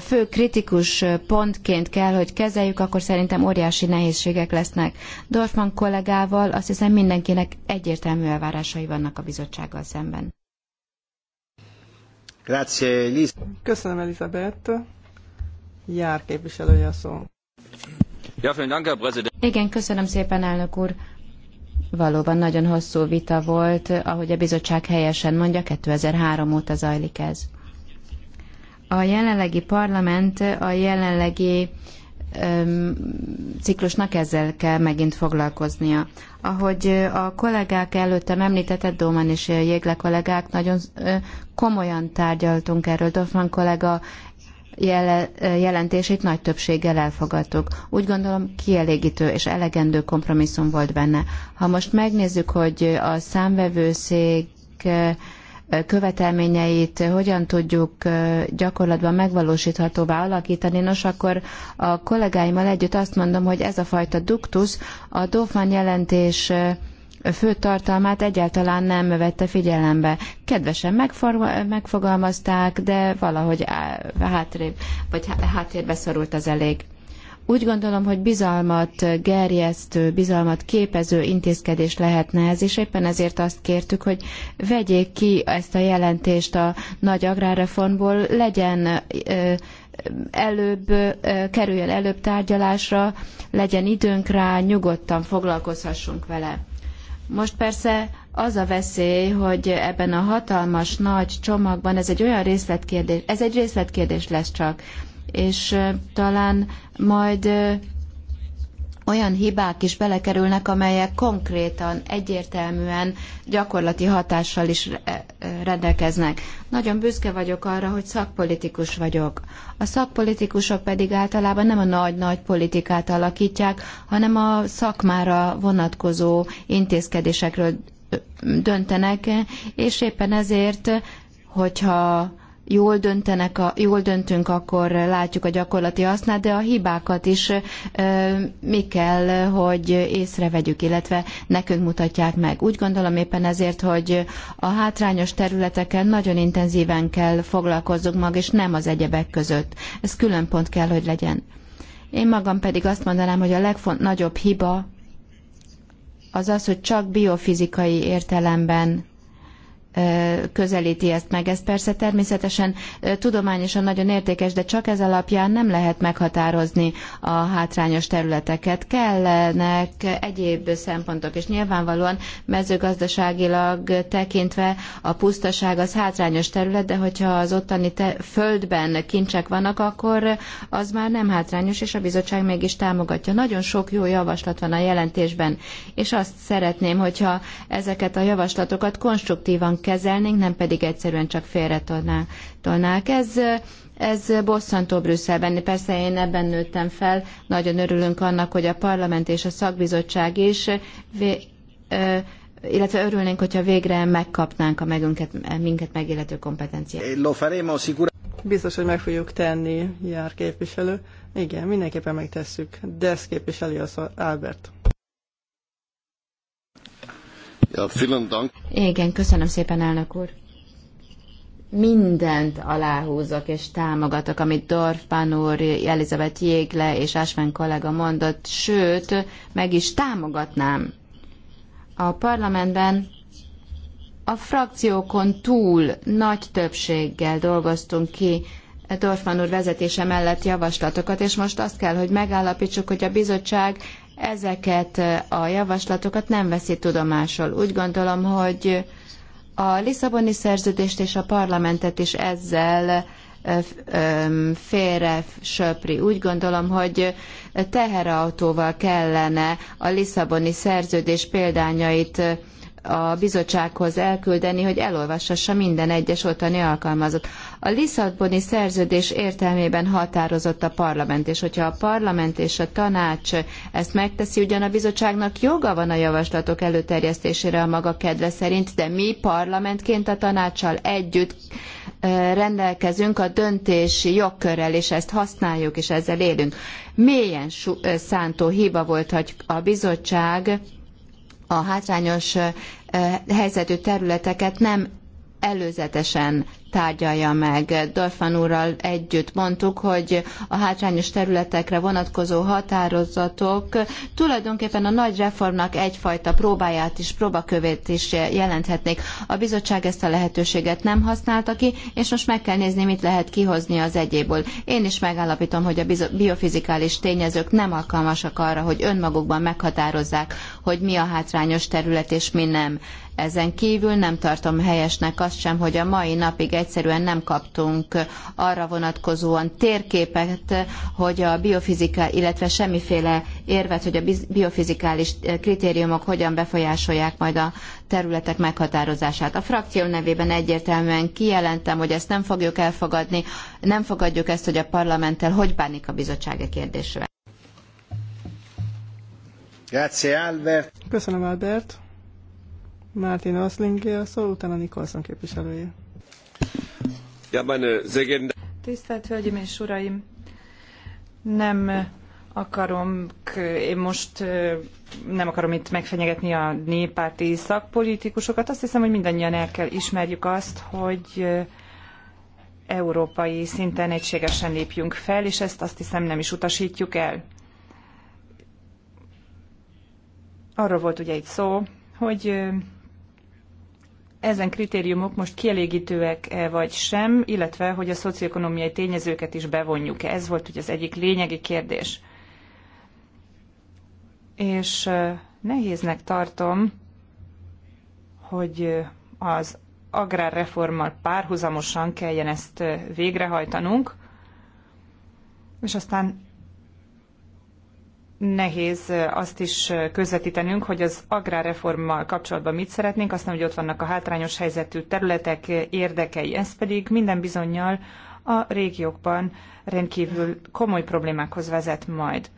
fő kritikus pontként kell, hogy kezeljük, akkor szerintem óriási nehézségek lesznek. Dorfman kollégával azt hiszem mindenkinek egyértelmű elvárásai vannak a bizottsággal szemben. Grazie, Liz. Köszönöm, Elizabeth. Jár képviselője a szó. Ja, Dank, Herr Igen, köszönöm szépen, elnök úr. Valóban nagyon hosszú vita volt, ahogy a bizottság helyesen mondja, 2003 óta zajlik ez. A jelenlegi parlament a jelenlegi ciklusnak ezzel kell megint foglalkoznia. Ahogy a kollégák előttem említetett, Dóman és Jégle kollégák, nagyon komolyan tárgyaltunk erről. Dofman kollega jelentését nagy többséggel elfogadtuk. Úgy gondolom kielégítő és elegendő kompromisszum volt benne. Ha most megnézzük, hogy a számvevőszék követelményeit hogyan tudjuk gyakorlatban megvalósíthatóvá alakítani, nos akkor a kollégáimmal együtt azt mondom, hogy ez a fajta duktus a Dófman jelentés fő tartalmát egyáltalán nem vette figyelembe. Kedvesen megfogalmazták, de valahogy hátrébb, vagy háttérbe szorult az elég. Úgy gondolom, hogy bizalmat gerjesztő, bizalmat képező intézkedés lehetne ez, és éppen ezért azt kértük, hogy vegyék ki ezt a jelentést a nagy agrárreformból, legyen előbb, kerüljön előbb tárgyalásra, legyen időnk rá, nyugodtan foglalkozhassunk vele. Most persze az a veszély, hogy ebben a hatalmas nagy csomagban ez egy olyan részletkérdés, ez egy részletkérdés lesz csak, és talán majd olyan hibák is belekerülnek, amelyek konkrétan, egyértelműen gyakorlati hatással is rendelkeznek. Nagyon büszke vagyok arra, hogy szakpolitikus vagyok. A szakpolitikusok pedig általában nem a nagy-nagy politikát alakítják, hanem a szakmára vonatkozó intézkedésekről döntenek, és éppen ezért, hogyha jól, döntenek a, jól döntünk, akkor látjuk a gyakorlati hasznát, de a hibákat is mi kell, hogy észrevegyük, illetve nekünk mutatják meg. Úgy gondolom éppen ezért, hogy a hátrányos területeken nagyon intenzíven kell foglalkozzunk mag, és nem az egyebek között. Ez külön pont kell, hogy legyen. Én magam pedig azt mondanám, hogy a legnagyobb hiba az az, hogy csak biofizikai értelemben közelíti ezt meg. Ez persze természetesen tudományosan nagyon értékes, de csak ez alapján nem lehet meghatározni a hátrányos területeket. Kellenek egyéb szempontok, és nyilvánvalóan mezőgazdaságilag tekintve a pusztaság az hátrányos terület, de hogyha az ottani földben kincsek vannak, akkor az már nem hátrányos, és a bizottság mégis támogatja. Nagyon sok jó javaslat van a jelentésben, és azt szeretném, hogyha ezeket a javaslatokat konstruktívan kezelnénk, nem pedig egyszerűen csak félretolnák. Ez, ez bosszantó Brüsszelben. Persze én ebben nőttem fel, nagyon örülünk annak, hogy a parlament és a szakbizottság is vé- illetve örülnénk, hogyha végre megkapnánk a megünket, minket megillető kompetenciát. Biztos, hogy meg fogjuk tenni, jár képviselő. Igen, mindenképpen megtesszük. Desz képviseli az Albert. Ja, vielen Dank. Igen, köszönöm szépen, elnök úr. Mindent aláhúzok és támogatok, amit Dorfman úr, Elizabeth Jégle és Ásven kollega mondott, sőt, meg is támogatnám. A parlamentben a frakciókon túl nagy többséggel dolgoztunk ki Dorfman úr vezetése mellett javaslatokat, és most azt kell, hogy megállapítsuk, hogy a bizottság ezeket a javaslatokat nem veszi tudomásul. Úgy gondolom, hogy a Lisszaboni szerződést és a parlamentet is ezzel félre söpri. Úgy gondolom, hogy teherautóval kellene a Lisszaboni szerződés példányait a bizottsághoz elküldeni, hogy elolvassassa minden egyes ottani alkalmazott. A Lisszaboni szerződés értelmében határozott a parlament, és hogyha a parlament és a tanács ezt megteszi, ugyan a bizottságnak joga van a javaslatok előterjesztésére a maga kedve szerint, de mi parlamentként a tanácssal együtt rendelkezünk a döntési jogkörrel, és ezt használjuk, és ezzel élünk. Mélyen szántó hiba volt, hogy a bizottság a hátrányos helyzetű területeket nem előzetesen tárgyalja meg. Dorfan úrral együtt mondtuk, hogy a hátrányos területekre vonatkozó határozatok tulajdonképpen a nagy reformnak egyfajta próbáját is, próbakövét is jelenthetnék. A bizottság ezt a lehetőséget nem használta ki, és most meg kell nézni, mit lehet kihozni az egyéből. Én is megállapítom, hogy a biofizikális tényezők nem alkalmasak arra, hogy önmagukban meghatározzák hogy mi a hátrányos terület és mi nem. Ezen kívül nem tartom helyesnek azt sem, hogy a mai napig egyszerűen nem kaptunk arra vonatkozóan térképet, hogy a biofizikál, illetve semmiféle érvet, hogy a biofizikális eh, kritériumok hogyan befolyásolják majd a területek meghatározását. A frakció nevében egyértelműen kijelentem, hogy ezt nem fogjuk elfogadni, nem fogadjuk ezt, hogy a parlamenttel hogy bánik a bizottság a e Grazie, Albert. Köszönöm, Albert. Martin Oszlingé a szó, utána Nikolson képviselője. Ja, meine sehr geehrten... Tisztelt Hölgyeim és Uraim! Nem akarom, én most nem akarom itt megfenyegetni a néppárti szakpolitikusokat. Azt hiszem, hogy mindannyian el kell ismerjük azt, hogy európai szinten egységesen lépjünk fel, és ezt azt hiszem nem is utasítjuk el. arról volt ugye itt szó, hogy ezen kritériumok most kielégítőek-e vagy sem, illetve hogy a szocioekonomiai tényezőket is bevonjuk-e. Ez volt ugye az egyik lényegi kérdés. És nehéznek tartom, hogy az agrárreformmal párhuzamosan kelljen ezt végrehajtanunk, és aztán nehéz azt is közvetítenünk, hogy az agrárreformmal kapcsolatban mit szeretnénk, aztán, hogy ott vannak a hátrányos helyzetű területek érdekei. Ez pedig minden bizonyal a régiókban rendkívül komoly problémákhoz vezet majd.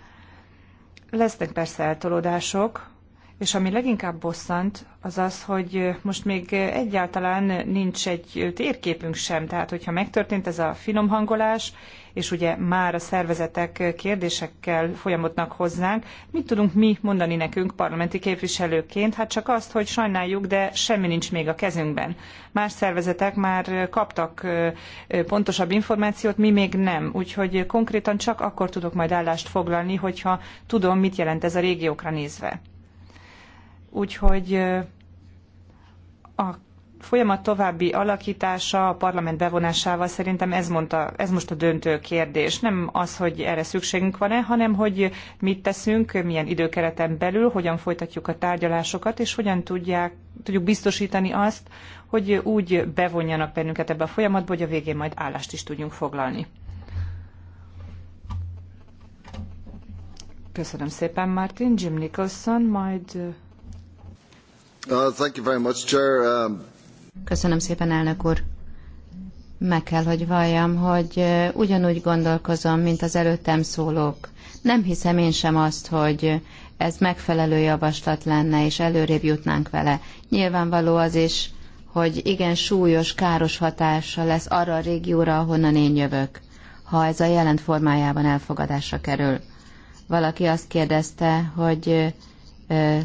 Lesznek persze eltolódások, és ami leginkább bosszant, az az, hogy most még egyáltalán nincs egy térképünk sem. Tehát, hogyha megtörtént ez a finomhangolás, és ugye már a szervezetek kérdésekkel folyamodnak hozzánk. Mit tudunk mi mondani nekünk parlamenti képviselőként? Hát csak azt, hogy sajnáljuk, de semmi nincs még a kezünkben. Más szervezetek már kaptak pontosabb információt, mi még nem. Úgyhogy konkrétan csak akkor tudok majd állást foglalni, hogyha tudom, mit jelent ez a régiókra nézve. Úgyhogy a folyamat további alakítása a parlament bevonásával szerintem ez, mondta, ez most a döntő kérdés. Nem az, hogy erre szükségünk van-e, hanem hogy mit teszünk, milyen időkereten belül, hogyan folytatjuk a tárgyalásokat, és hogyan tudják, tudjuk biztosítani azt, hogy úgy bevonjanak bennünket ebbe a folyamatba, hogy a végén majd állást is tudjunk foglalni. Köszönöm szépen, Martin. Jim Nicholson, majd... Uh, thank you very much, Chair. Um... Köszönöm szépen, elnök úr. Meg kell, hogy valljam, hogy ugyanúgy gondolkozom, mint az előttem szólók. Nem hiszem én sem azt, hogy ez megfelelő javaslat lenne, és előrébb jutnánk vele. Nyilvánvaló az is, hogy igen súlyos, káros hatása lesz arra a régióra, ahonnan én jövök, ha ez a jelent formájában elfogadásra kerül. Valaki azt kérdezte, hogy ö,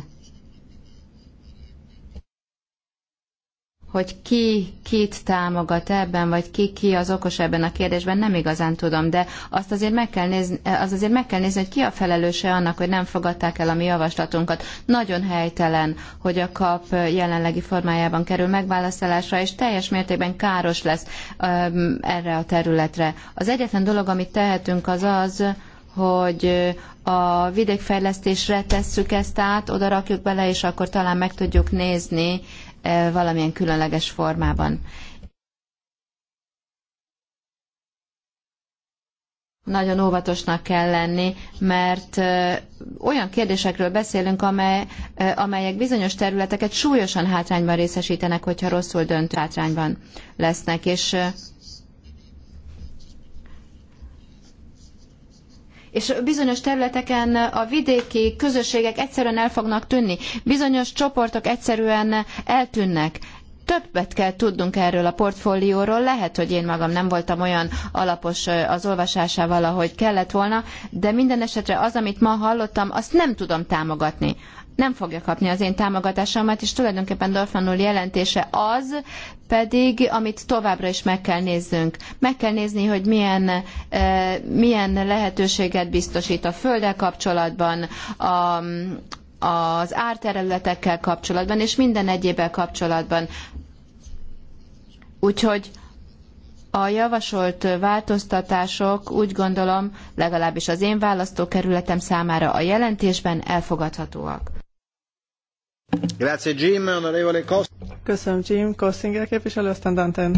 hogy ki kit támogat ebben, vagy ki ki az okos ebben a kérdésben, nem igazán tudom, de azt azért meg kell nézni, az azért meg kell nézni, hogy ki a felelőse annak, hogy nem fogadták el a mi javaslatunkat. Nagyon helytelen, hogy a kap jelenlegi formájában kerül megválasztásra, és teljes mértékben káros lesz um, erre a területre. Az egyetlen dolog, amit tehetünk, az az, hogy a vidékfejlesztésre tesszük ezt át, oda rakjuk bele, és akkor talán meg tudjuk nézni, valamilyen különleges formában. nagyon óvatosnak kell lenni, mert olyan kérdésekről beszélünk, amely, amelyek bizonyos területeket súlyosan hátrányban részesítenek, hogyha rosszul dönt hátrányban lesznek, és és bizonyos területeken a vidéki közösségek egyszerűen el fognak tűnni, bizonyos csoportok egyszerűen eltűnnek. Többet kell tudnunk erről a portfólióról, lehet, hogy én magam nem voltam olyan alapos az olvasásával, ahogy kellett volna, de minden esetre az, amit ma hallottam, azt nem tudom támogatni nem fogja kapni az én támogatásomat, és tulajdonképpen Dorfan úr jelentése az, pedig, amit továbbra is meg kell néznünk. Meg kell nézni, hogy milyen, eh, milyen lehetőséget biztosít a földel kapcsolatban, a, az árterületekkel kapcsolatban, és minden egyébel kapcsolatban. Úgyhogy a javasolt változtatások úgy gondolom, legalábbis az én választókerületem számára a jelentésben elfogadhatóak. Grazie Jim, onorevole Kost. Köszönöm Jim, Kossinger képviselő, aztán Danten.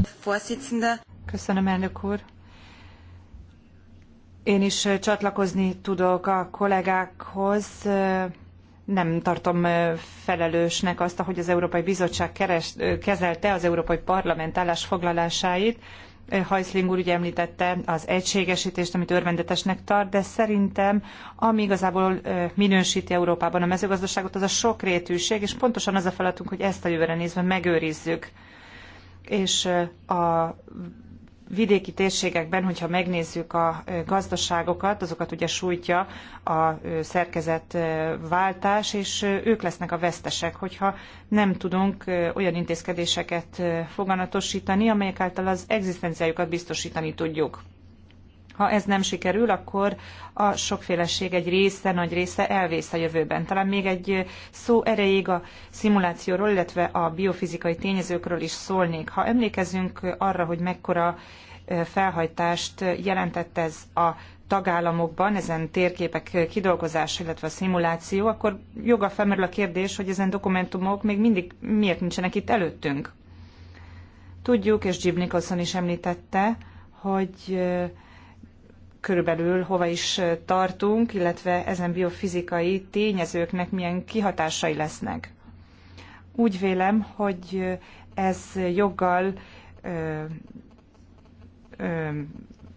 Köszönöm elnök úr. Én is eh, csatlakozni tudok a kollégákhoz. Eh, nem tartom eh, felelősnek azt, hogy az Európai Bizottság keres, kezelte az Európai Parlament állásfoglalásait. Hajszling úr ugye említette az egységesítést, amit örvendetesnek tart, de szerintem ami igazából minősíti Európában a mezőgazdaságot, az a sokrétűség, és pontosan az a feladatunk, hogy ezt a jövőre nézve megőrizzük. És a vidéki térségekben, hogyha megnézzük a gazdaságokat, azokat ugye sújtja a szerkezetváltás, és ők lesznek a vesztesek, hogyha nem tudunk olyan intézkedéseket foganatosítani, amelyek által az egzisztenciájukat biztosítani tudjuk. Ha ez nem sikerül, akkor a sokféleség egy része, nagy része elvész a jövőben. Talán még egy szó erejéig a szimulációról, illetve a biofizikai tényezőkről is szólnék. Ha emlékezünk arra, hogy mekkora felhajtást jelentett ez a tagállamokban ezen térképek kidolgozása, illetve a szimuláció, akkor joga felmerül a kérdés, hogy ezen dokumentumok még mindig miért nincsenek itt előttünk. Tudjuk, és Jim Nicholson is említette, hogy körülbelül hova is tartunk, illetve ezen biofizikai tényezőknek milyen kihatásai lesznek. Úgy vélem, hogy ez joggal ö, ö,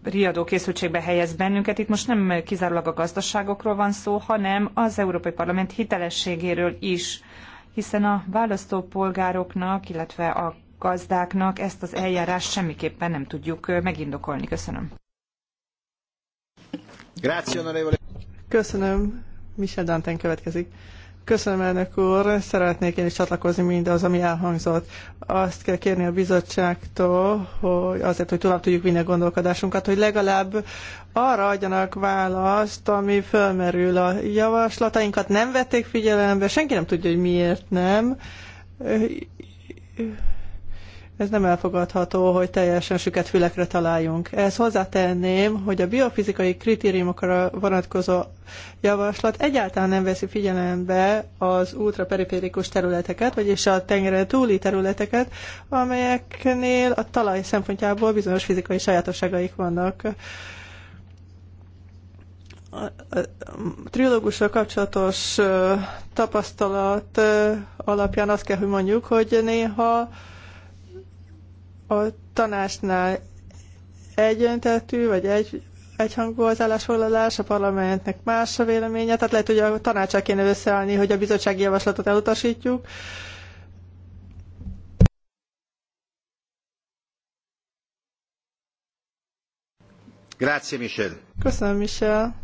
riadó készültségbe helyez bennünket. Itt most nem kizárólag a gazdaságokról van szó, hanem az Európai Parlament hitelességéről is, hiszen a választópolgároknak, illetve a gazdáknak ezt az eljárást semmiképpen nem tudjuk megindokolni. Köszönöm. Köszönöm. Michel Dantén következik. Köszönöm, elnök úr. Szeretnék én is csatlakozni mindaz, ami elhangzott. Azt kell kérni a bizottságtól, hogy azért, hogy tovább tudjuk vinni a gondolkodásunkat, hogy legalább arra adjanak választ, ami fölmerül a javaslatainkat. Nem vették figyelembe, senki nem tudja, hogy miért nem ez nem elfogadható, hogy teljesen süket fülekre találjunk. Ehhez hozzátenném, hogy a biofizikai kritériumokra vonatkozó javaslat egyáltalán nem veszi figyelembe az ultraperiférikus területeket, vagyis a tengeren túli területeket, amelyeknél a talaj szempontjából bizonyos fizikai sajátosságaik vannak a trilógusra kapcsolatos tapasztalat alapján azt kell, hogy mondjuk, hogy néha a tanácsnál egyöntetű, vagy egy, egyhangú az állásfoglalás, a parlamentnek más a véleménye, tehát lehet, hogy a tanácsra kéne összeállni, hogy a bizottsági javaslatot elutasítjuk, Grazie, Michel. Köszönöm, Michel.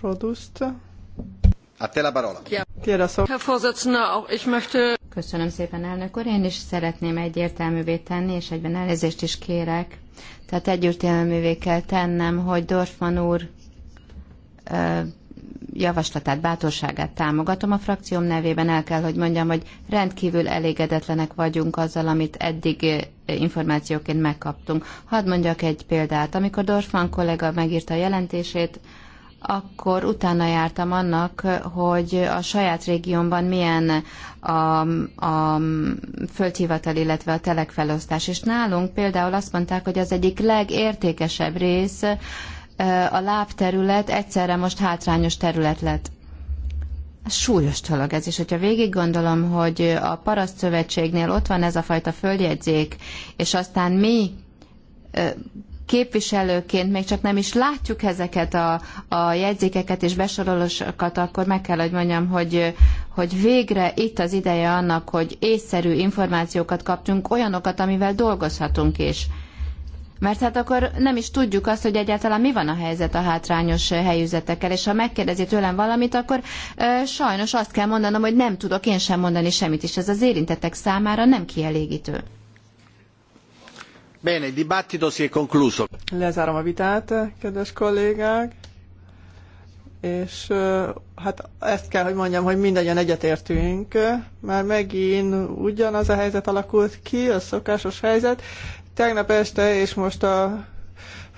Rodust. Köszönöm szépen, elnök úr. Én is szeretném egyértelművé tenni, és egyben elnézést is kérek. Tehát egyértelművé kell tennem, hogy Dorfman úr javaslatát, bátorságát támogatom a frakcióm nevében. El kell, hogy mondjam, hogy rendkívül elégedetlenek vagyunk azzal, amit eddig információként megkaptunk. Hadd mondjak egy példát. Amikor Dorfman kollega megírta a jelentését, akkor utána jártam annak, hogy a saját régiómban milyen a, a földhivatal, illetve a telekfelosztás. És nálunk például azt mondták, hogy az egyik legértékesebb rész a lábterület egyszerre most hátrányos terület lett. Súlyos dolog ez, és hogyha végig gondolom, hogy a paraszt szövetségnél ott van ez a fajta földjegyzék, és aztán mi képviselőként még csak nem is látjuk ezeket a, a jegyzékeket és besorolósokat, akkor meg kell, hogy mondjam, hogy, hogy végre itt az ideje annak, hogy észszerű információkat kaptunk, olyanokat, amivel dolgozhatunk is. Mert hát akkor nem is tudjuk azt, hogy egyáltalán mi van a helyzet a hátrányos helyüzetekkel, és ha megkérdezi tőlem valamit, akkor e, sajnos azt kell mondanom, hogy nem tudok én sem mondani semmit, és ez az érintettek számára nem kielégítő. Bene, il dibattito si è concluso. Lezárom a vitát, kedves kollégák. És hát ezt kell, hogy mondjam, hogy mindannyian egyetértünk. Már megint ugyanaz a helyzet alakult ki, a szokásos helyzet. Tegnap este és most a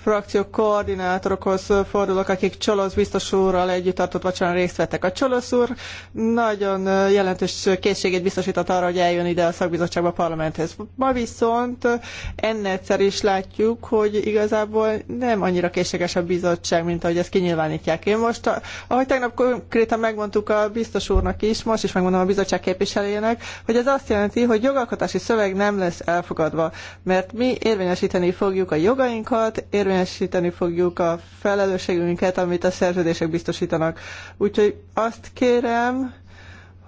frakció koordinátorokhoz fordulok, akik Csolosz biztos úrral együtt tartott vacsorán részt vettek. A Csolosz úr nagyon jelentős készségét biztosított arra, hogy eljön ide a szakbizottságba a parlamenthez. Ma viszont ennél is látjuk, hogy igazából nem annyira készséges a bizottság, mint ahogy ezt kinyilvánítják. Én most, ahogy tegnap konkrétan megmondtuk a biztos úrnak is, most is megmondom a bizottság képviselőjének, hogy ez azt jelenti, hogy jogalkotási szöveg nem lesz elfogadva, mert mi érvényesíteni fogjuk a jogainkat, érvényesíteni érvényesíteni fogjuk a felelősségünket, amit a szerződések biztosítanak. Úgyhogy azt kérem,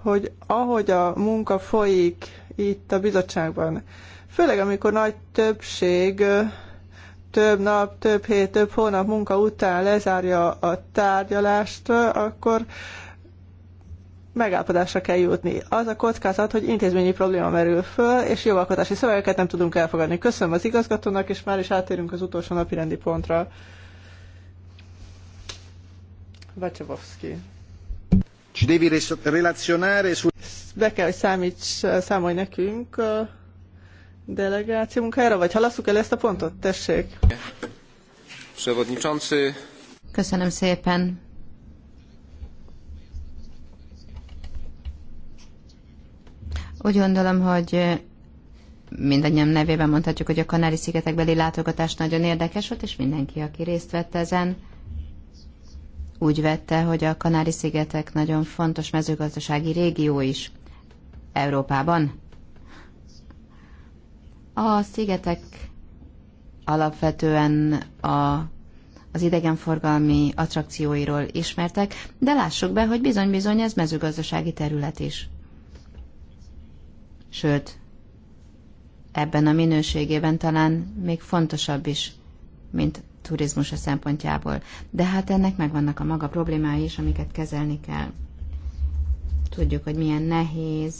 hogy ahogy a munka folyik itt a bizottságban, főleg amikor nagy többség több nap, több hét, több hónap munka után lezárja a tárgyalást, akkor megállapodásra kell jutni. Az a kockázat, hogy intézményi probléma merül föl, és jogalkotási szövegeket nem tudunk elfogadni. Köszönöm az igazgatónak, és már is átérünk az utolsó napi rendi pontra. Vacsabowski. Be kell, hogy számíts, számolj nekünk a delegáció munkájára, vagy halasszuk el ezt a pontot? Tessék. Köszönöm szépen. Úgy gondolom, hogy mindannyian nevében mondhatjuk, hogy a Kanári-szigetekbeli látogatás nagyon érdekes volt, és mindenki, aki részt vett ezen, úgy vette, hogy a Kanári-szigetek nagyon fontos mezőgazdasági régió is Európában. A szigetek alapvetően a, az idegenforgalmi attrakcióiról ismertek, de lássuk be, hogy bizony-bizony ez mezőgazdasági terület is sőt, ebben a minőségében talán még fontosabb is, mint turizmus a szempontjából. De hát ennek megvannak a maga problémái is, amiket kezelni kell. Tudjuk, hogy milyen nehéz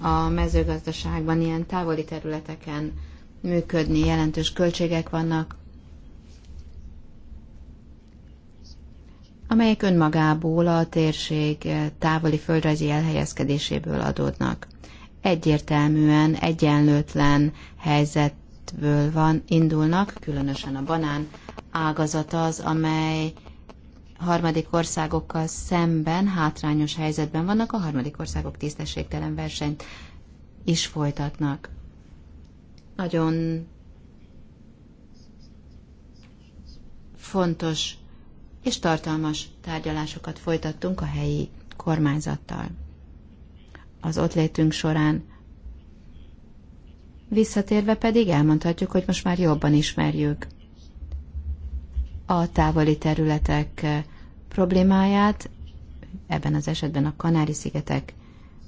a mezőgazdaságban ilyen távoli területeken működni, jelentős költségek vannak, amelyek önmagából a térség eh, távoli földrajzi elhelyezkedéséből adódnak. Egyértelműen egyenlőtlen helyzetből van, indulnak, különösen a banán ágazata az, amely harmadik országokkal szemben hátrányos helyzetben vannak, a harmadik országok tisztességtelen versenyt is folytatnak. Nagyon fontos és tartalmas tárgyalásokat folytattunk a helyi kormányzattal. Az ott létünk során Visszatérve pedig elmondhatjuk, hogy most már jobban ismerjük a távoli területek eh, problémáját, ebben az esetben a Kanári-szigetek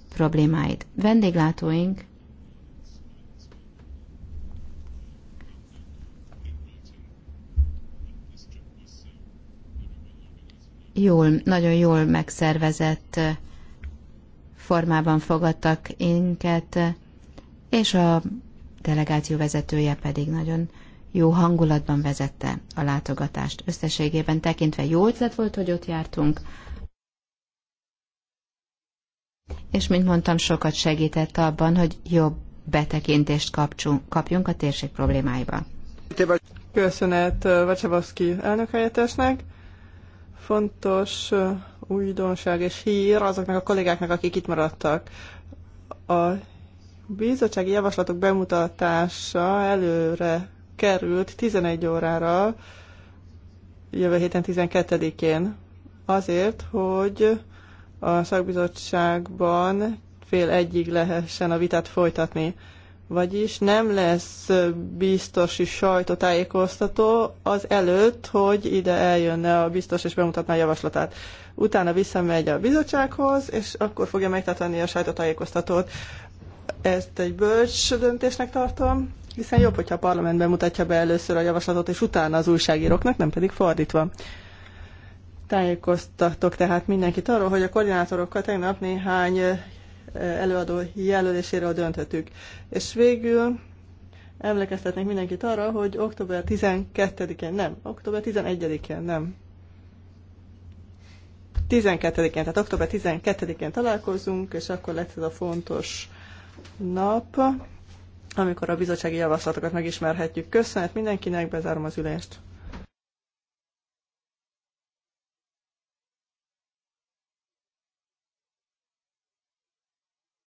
problémáit. Vendéglátóink jól, nagyon jól megszervezett formában fogadtak énket, és a delegáció vezetője pedig nagyon jó hangulatban vezette a látogatást. Összességében tekintve jó ötlet volt, hogy ott jártunk, és mint mondtam, sokat segített abban, hogy jobb betekintést kapcsunk, kapjunk a térség problémáiba. Köszönet uh, Vacsabaszki elnökhelyettesnek. Fontos újdonság és hír azoknak a kollégáknak, akik itt maradtak. A bizottsági javaslatok bemutatása előre került 11 órára jövő héten 12-én azért, hogy a szakbizottságban fél egyig lehessen a vitát folytatni. Vagyis nem lesz biztosi sajtótájékoztató az előtt, hogy ide eljönne a biztos és bemutatná a javaslatát. Utána visszamegy a bizottsághoz, és akkor fogja megtartani a sajtótájékoztatót. Ezt egy bölcs döntésnek tartom, hiszen jobb, hogyha a parlament bemutatja be először a javaslatot, és utána az újságíróknak, nem pedig fordítva. Tájékoztatok tehát mindenkit arról, hogy a koordinátorokkal tegnap néhány előadó jelöléséről döntöttük. És végül emlékeztetnék mindenkit arra, hogy október 12-én, nem, október 11-én, nem, 12-én, tehát október 12-én találkozunk, és akkor lesz ez a fontos nap, amikor a bizottsági javaslatokat megismerhetjük. Köszönet mindenkinek, bezárom az ülést.